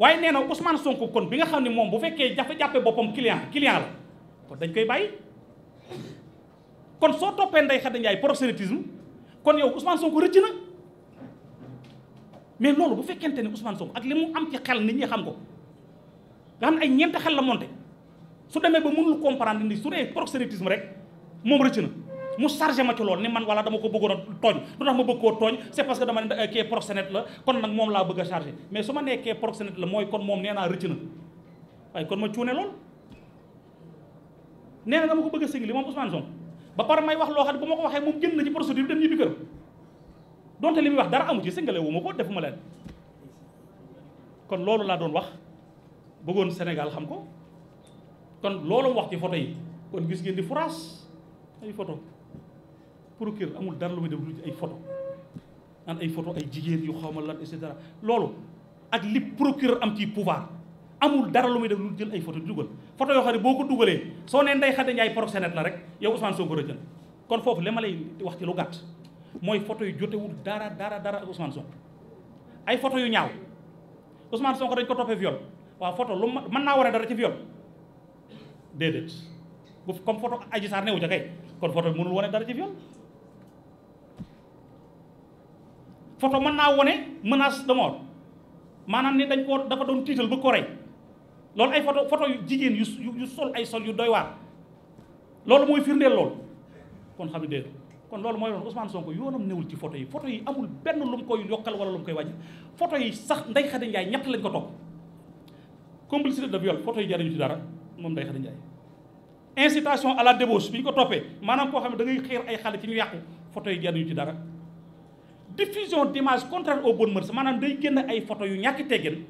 waaye nee na Ousmane Sonko kon bi nga xam ne moom bu fekkee jafe-jàppe boppam client client la kon dañ koy bàyyi kon soo toppee nday xadi njaay proxénétisme kon yow Ousmane Sonko rëcc na mais loolu bu fekkente ne Ousmane Sonko ak li mu am ci xel ni ñi xam ko nga xam ne ay ñeenti xel la monté su demee ba mënul comprendre ni su dee proxénétisme rek moom rëcc na mu chargé ma ci loolu ni man wala dama ko bëggoon a tooñ du tax ma bëgg koo tooñ c'est parce que dama ne kee proxénète la kon nag moom laa bëgg a chargé mais su ma nekkee kee proxénète la mooy kon moom nee naa rëcc na waaye kon ma cuune lool nee na dama ko bëgg a singli moom ba pare may wax loo xam ne bu ma ko waxee moom génn na ci procédure bi dem ñibbi këram donte li muy wax dara amu ci singale wu ma ko defuma leen kon loolu laa doon wax bëggoon Sénégal xam ko kon loolu wax ci photo yi kon gis ngeen di France ay photo procureur amul dara lu muy def lu ci ay photo an ay foto ay jigéen yu xaw ma lan et cetera loolu ak li procureur am ci pouvoir amul dara lu muy def lu jël ay photo di dugal photo yoo xam ne boo ko dugalee soo nee Ndeye Khady Ndiaye proxénète la rek yow Ousmane Sonko rëccal kon foofu li ma lay wax ci lu gàtt mooy photo yu jotewul dara dara dara ak Ousmane ay foto yu ñaaw Ousmane Sonko dañ ko toppee viol waaw photo lu mën naa war a dara ci viol déedéet bu comme photo Adji Sarr newu ca kay kon photo mënul wane dara ci viol photo mën naa wone mën de mort maanaam ni dañ koo dafa doon tiital ba ko rey loolu ay photo photo yu jigéen yu yu sol ay sol yu doy waar loolu mooy firndeel loolu kon xam ne déet kon loolu mooy loolu Ousmane Sonko yoonam newul ci photo yi photo yi amul benn lu mu koy yokkal wala lu mu koy wàññi photo yi sax Ndeye Khady Ndiaye ñett lañ ko topp complicité de viol photo yi jariñu ci dara moom Ndeye Khady Ndiaye incitation à la débauche bi ñu ko toppee maanaam koo xam ne da ngay xiir ay xale ci ñu yàqu photo yi jariñu ci dara diffusion d'image contraire aux bonnes mœurs maanaam day génn ay photo yu ñàkki teggin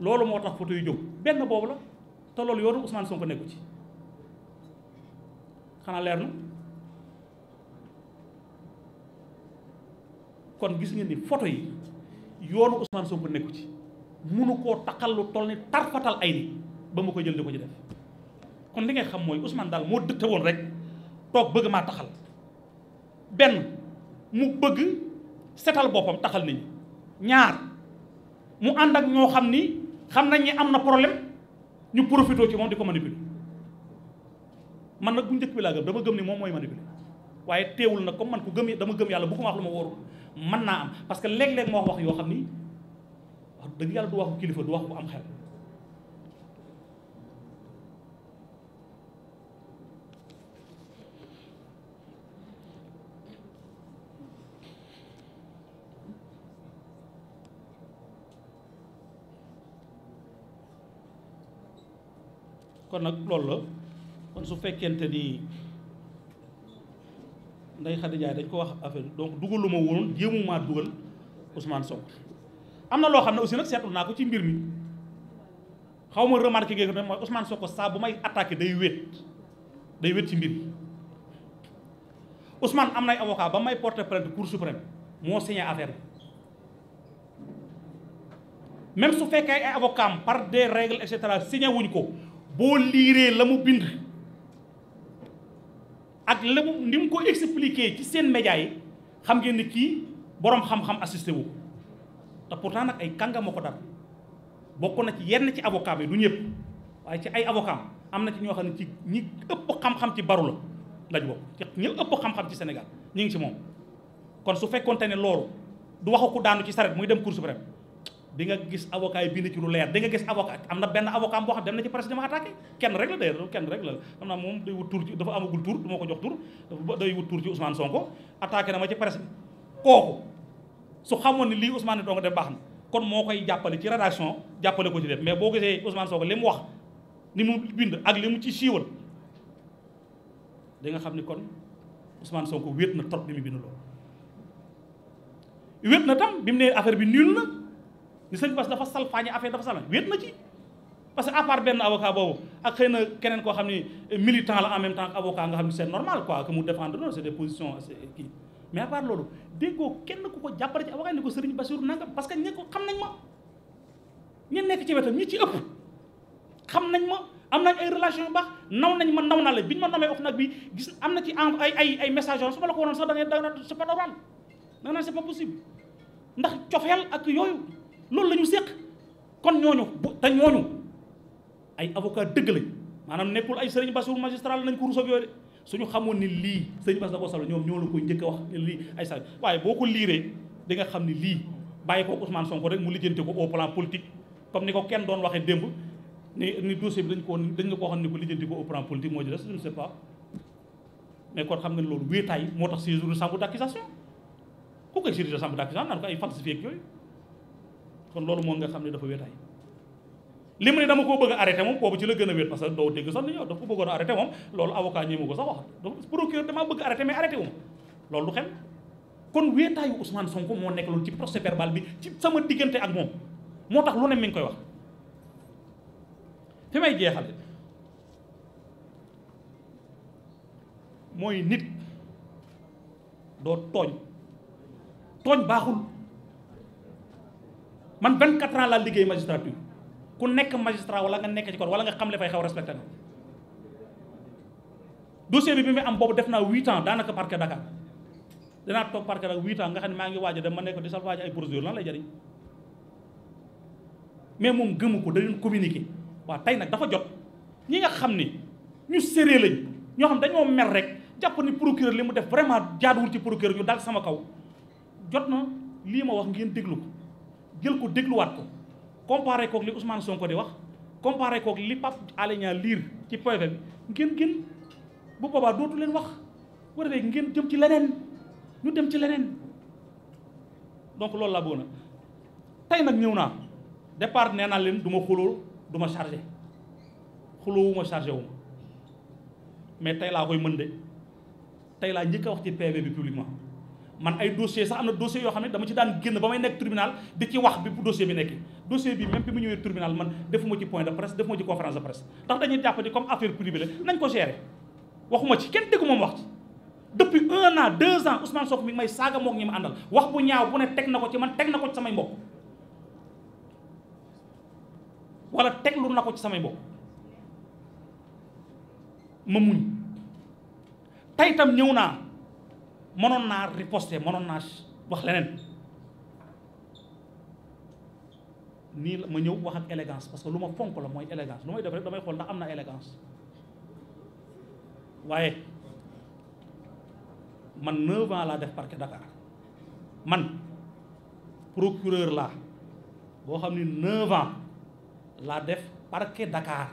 loolu moo tax photo yu jóg benn boobu la te loolu yoonu soo Sonko nekku ci xanaa leer na kon gis ngeen ni photo yi yoonu Ousmane Sonko nekku ci munu koo taqal lu toll ni tarfatal ay ni ba ma koy jël di ko ci def kon li ngay xam mooy Ousmane daal moo dëtte woon rek toog bëgg maa taxal benn mu bëgg setal boppam taxal nañ ñaar mu ànd ak ñoo xam ni xam nañ ne am na problème ñu profité ci moom di ko manipuler man nag bu njëkk bi laa gëm dama gëm ni moom mooy manipuler waaye teewul nag comme man ku gëm dama gëm yàlla bu ko ma wax lu ma wóorul man naa am parce que léeg moo wax wax yoo xam ni wax dëgg yàlla du waxu kilifa du wax bu am xel. kon nag loolu la kon su fekkente ni Ndeye Khady Ndiaye dañ ko wax affaire donc dugaluma lu ma woon jéemuma dugal Ousmane Sonko am na loo xam ne aussi nag seetlu naa ko ci mbir mi xaw ma remarqué ngeen ko mooy Ousmane Sonko saa bu may attaqué day wéet day wéet ci mbir mi am nay avocat ba may porter plainte cour suprême moo signé affaire même su fekkee ay avocat am par des règles et cetera wuñ ko. boo liiree la mu bind ak la mu ni ko expliqué ci seen média yi xam ngeen ni kii boroom xam-xam assisté wu te pourtant nag ay kàngam moo ko dal bokk na ci yenn ci avocat bi du ñëpp waaye ci ay avocat am na ci ñoo xam ne ci ñi ëpp xam-xam ci baru la lañ bokk ci ëpp xam-xam ci Sénégal ñu ngi ci moom kon su fekkonte ne loolu du waxu ku daanu ci saret muy dem cour suprême di nga gis avocat yi bind ci lu leer di nga gis avocat am na benn avocat boo xam dem na ci presse dama attaqué kenn rek la d'ailleurs kenn rek la xam naa moom day wut tur ci dafa amagul tur du ma ko jox tur day wut tur ci Ousmane Sonko attaqué na ma ci presse bi kooku su xamoon ne lii Ousmane Sonko def baax na kon moo koy jàppale ci rédaction jàppale ko ci def mais boo gisee Ousmane Sonko li mu wax ni mu bind ak li mu ci siiwal di nga xam ni kon Ousmane Sonko wéet na trop na tam bi mu ne affaire ni sëñ Bass dafa salfaañe affaire dafa salfaañe wéet na ci parce que à part benn avocat boobu ak xëy na keneen koo xam ni militant la en même temps que avocat nga xam ni c'est normal quoi que mu défendre noonu c'est des positions kii mais à part loolu déggoo kenn ku ko jàppale ci avocat ni ko Serigne Bassirou nangam parce que ñi ko xam nañ ma ñi nekk ci wetam ñi ci ëpp xam nañ ma am nañ ay relation yu baax naw nañ ma naw naa la bi ñu ma namee of nag bi gis am na ci en ay ay ay message yoo su ma la ko waroon sax da ngay da nga c'est pas normal da nga naan c'est pas possible ndax cofeel ak yooyu loolu la ñu séq kon ñooñu bu te ñooñu ay avocat dëgg lañ maanaam nekkul ay sëriñ Bassirou magistral nañ ko ruusoo ak yooyu de suñu xamoon ni lii sëriñ Bass da ko solo ñoo la koy njëkk a wax ne ay sa waaye boo ko liiree di nga xam ni lii bàyyi ko Ousmane Sonko rek mu lijjante ko au plan politique comme ni ko kenn doon waxee démb ni ni dossier bi dañ ko dañ ko xam ne ko lijjanti ko au plan politique moo ci des je ne pas mais kon xam nga loolu wéetaay moo tax séjour de chambre d' accusation ku koy séjour de ay falsifié ak yooyu kon loolu moom nga xam ne dafa wéetaay li ma ne dama koo bëgg a arrêté moom boobu ci la gën a wéet parce que doo dégg sax ni yow dafa ko bëggoon a moom loolu avocat ñi ko sax wax donc procureur damaa bëgg arrêté mais arrêté wu ma loolu du xel kon wéetaayu moo nekk loolu ci procès verbal bi ci sama diggante ak moom moo tax lu ne mi ngi koy wax fi may jeexale mooy nit doo tooñ tooñ baaxul man 24 ans laa liggéey magistrature ku nekk magistrat wala nga nekk ci corps wala nga xam li fay xew respecté na dossier bi bi muy am boobu def naa 8 ans daanaka parquet Dakar danaa toog parquet Dakar 8 ans nga xam ne maa ngi waaj a dem ma nekk di salvage ay procédure lan lay jëriñ mais moom gëmu ko da leen communiqué waa tey nag dafa jot ñi nga xam ni ñu séré lañ ñoo xam dañoo mel rek jàpp ni procureur li mu def vraiment jaaduwul ci procureur ñu dal sama kaw jot na lii ma wax ngeen déglu ko. jël ko dégluwaat ko comparé kook li Ousmane Sonko di wax comparé kook li Pape Alé Niang liir ci PV bi ngéen gën bu boobaa dootu leen wax bu defee ngeen jëm ci leneen ñu dem ci leneen donc loolu laa bëggoon a tey nag ñëw naa départ nee naa leen du ma xuloo du ma chargé xuloowu ma wu mais tey laa koy mën de tey laa njëkk a wax ci PV bi publiquement man ay dossier sax am na dossier yoo xam ne dama ci daan génn ba may nekk tribunal di ci wax bi dossier bi nekk dossier bi même bi mu ñëwee tribunal man defuma ci point de presse defuma ci conférence de presse ndax dañuy jàpp ni comme affaire privée nañ ko gérer waxuma ci kenn déggu moom wax ci depuis un an deux ans Ousmane Sonko mi ngi may saaga mook ñi ma àndal wax bu ñaaw bu ne teg na ko ci man teg na ko ci samay mbokk wala teg lu na ko ci samay mbokk ñëw naa mënoon naa riposter mënoon naa wax leneen nii la ma ñëw wax ak élégance parce lu ma fonk la mooy élégance lu may def rek damay xool ndax am na élégance waaye man 9 laa def parquet Dakar man procureur laa boo xam ni 9 laa def parquet Dakar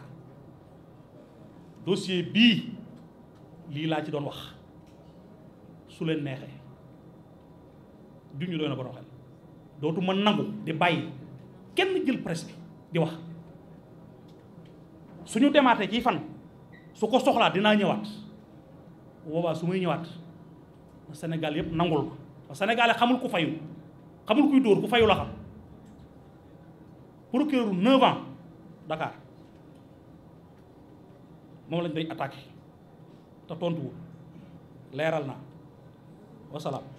dossier bii lii laa ci doon wax su leen neexee juñu doy na borom xel dootu nangu di bàyyi kenn jël presse bi di wax suñu demaatee ci fan su ko soxlaa dinaa ñëwaat boobaa su may ñëwaat Sénégal yëpp nangul ko parce que xamul ku fayu xamul kuy dóor ku fayu la xam procureur neuf ans Dakar moom lañ day attaqué te tontuwul leeral naa wasalaam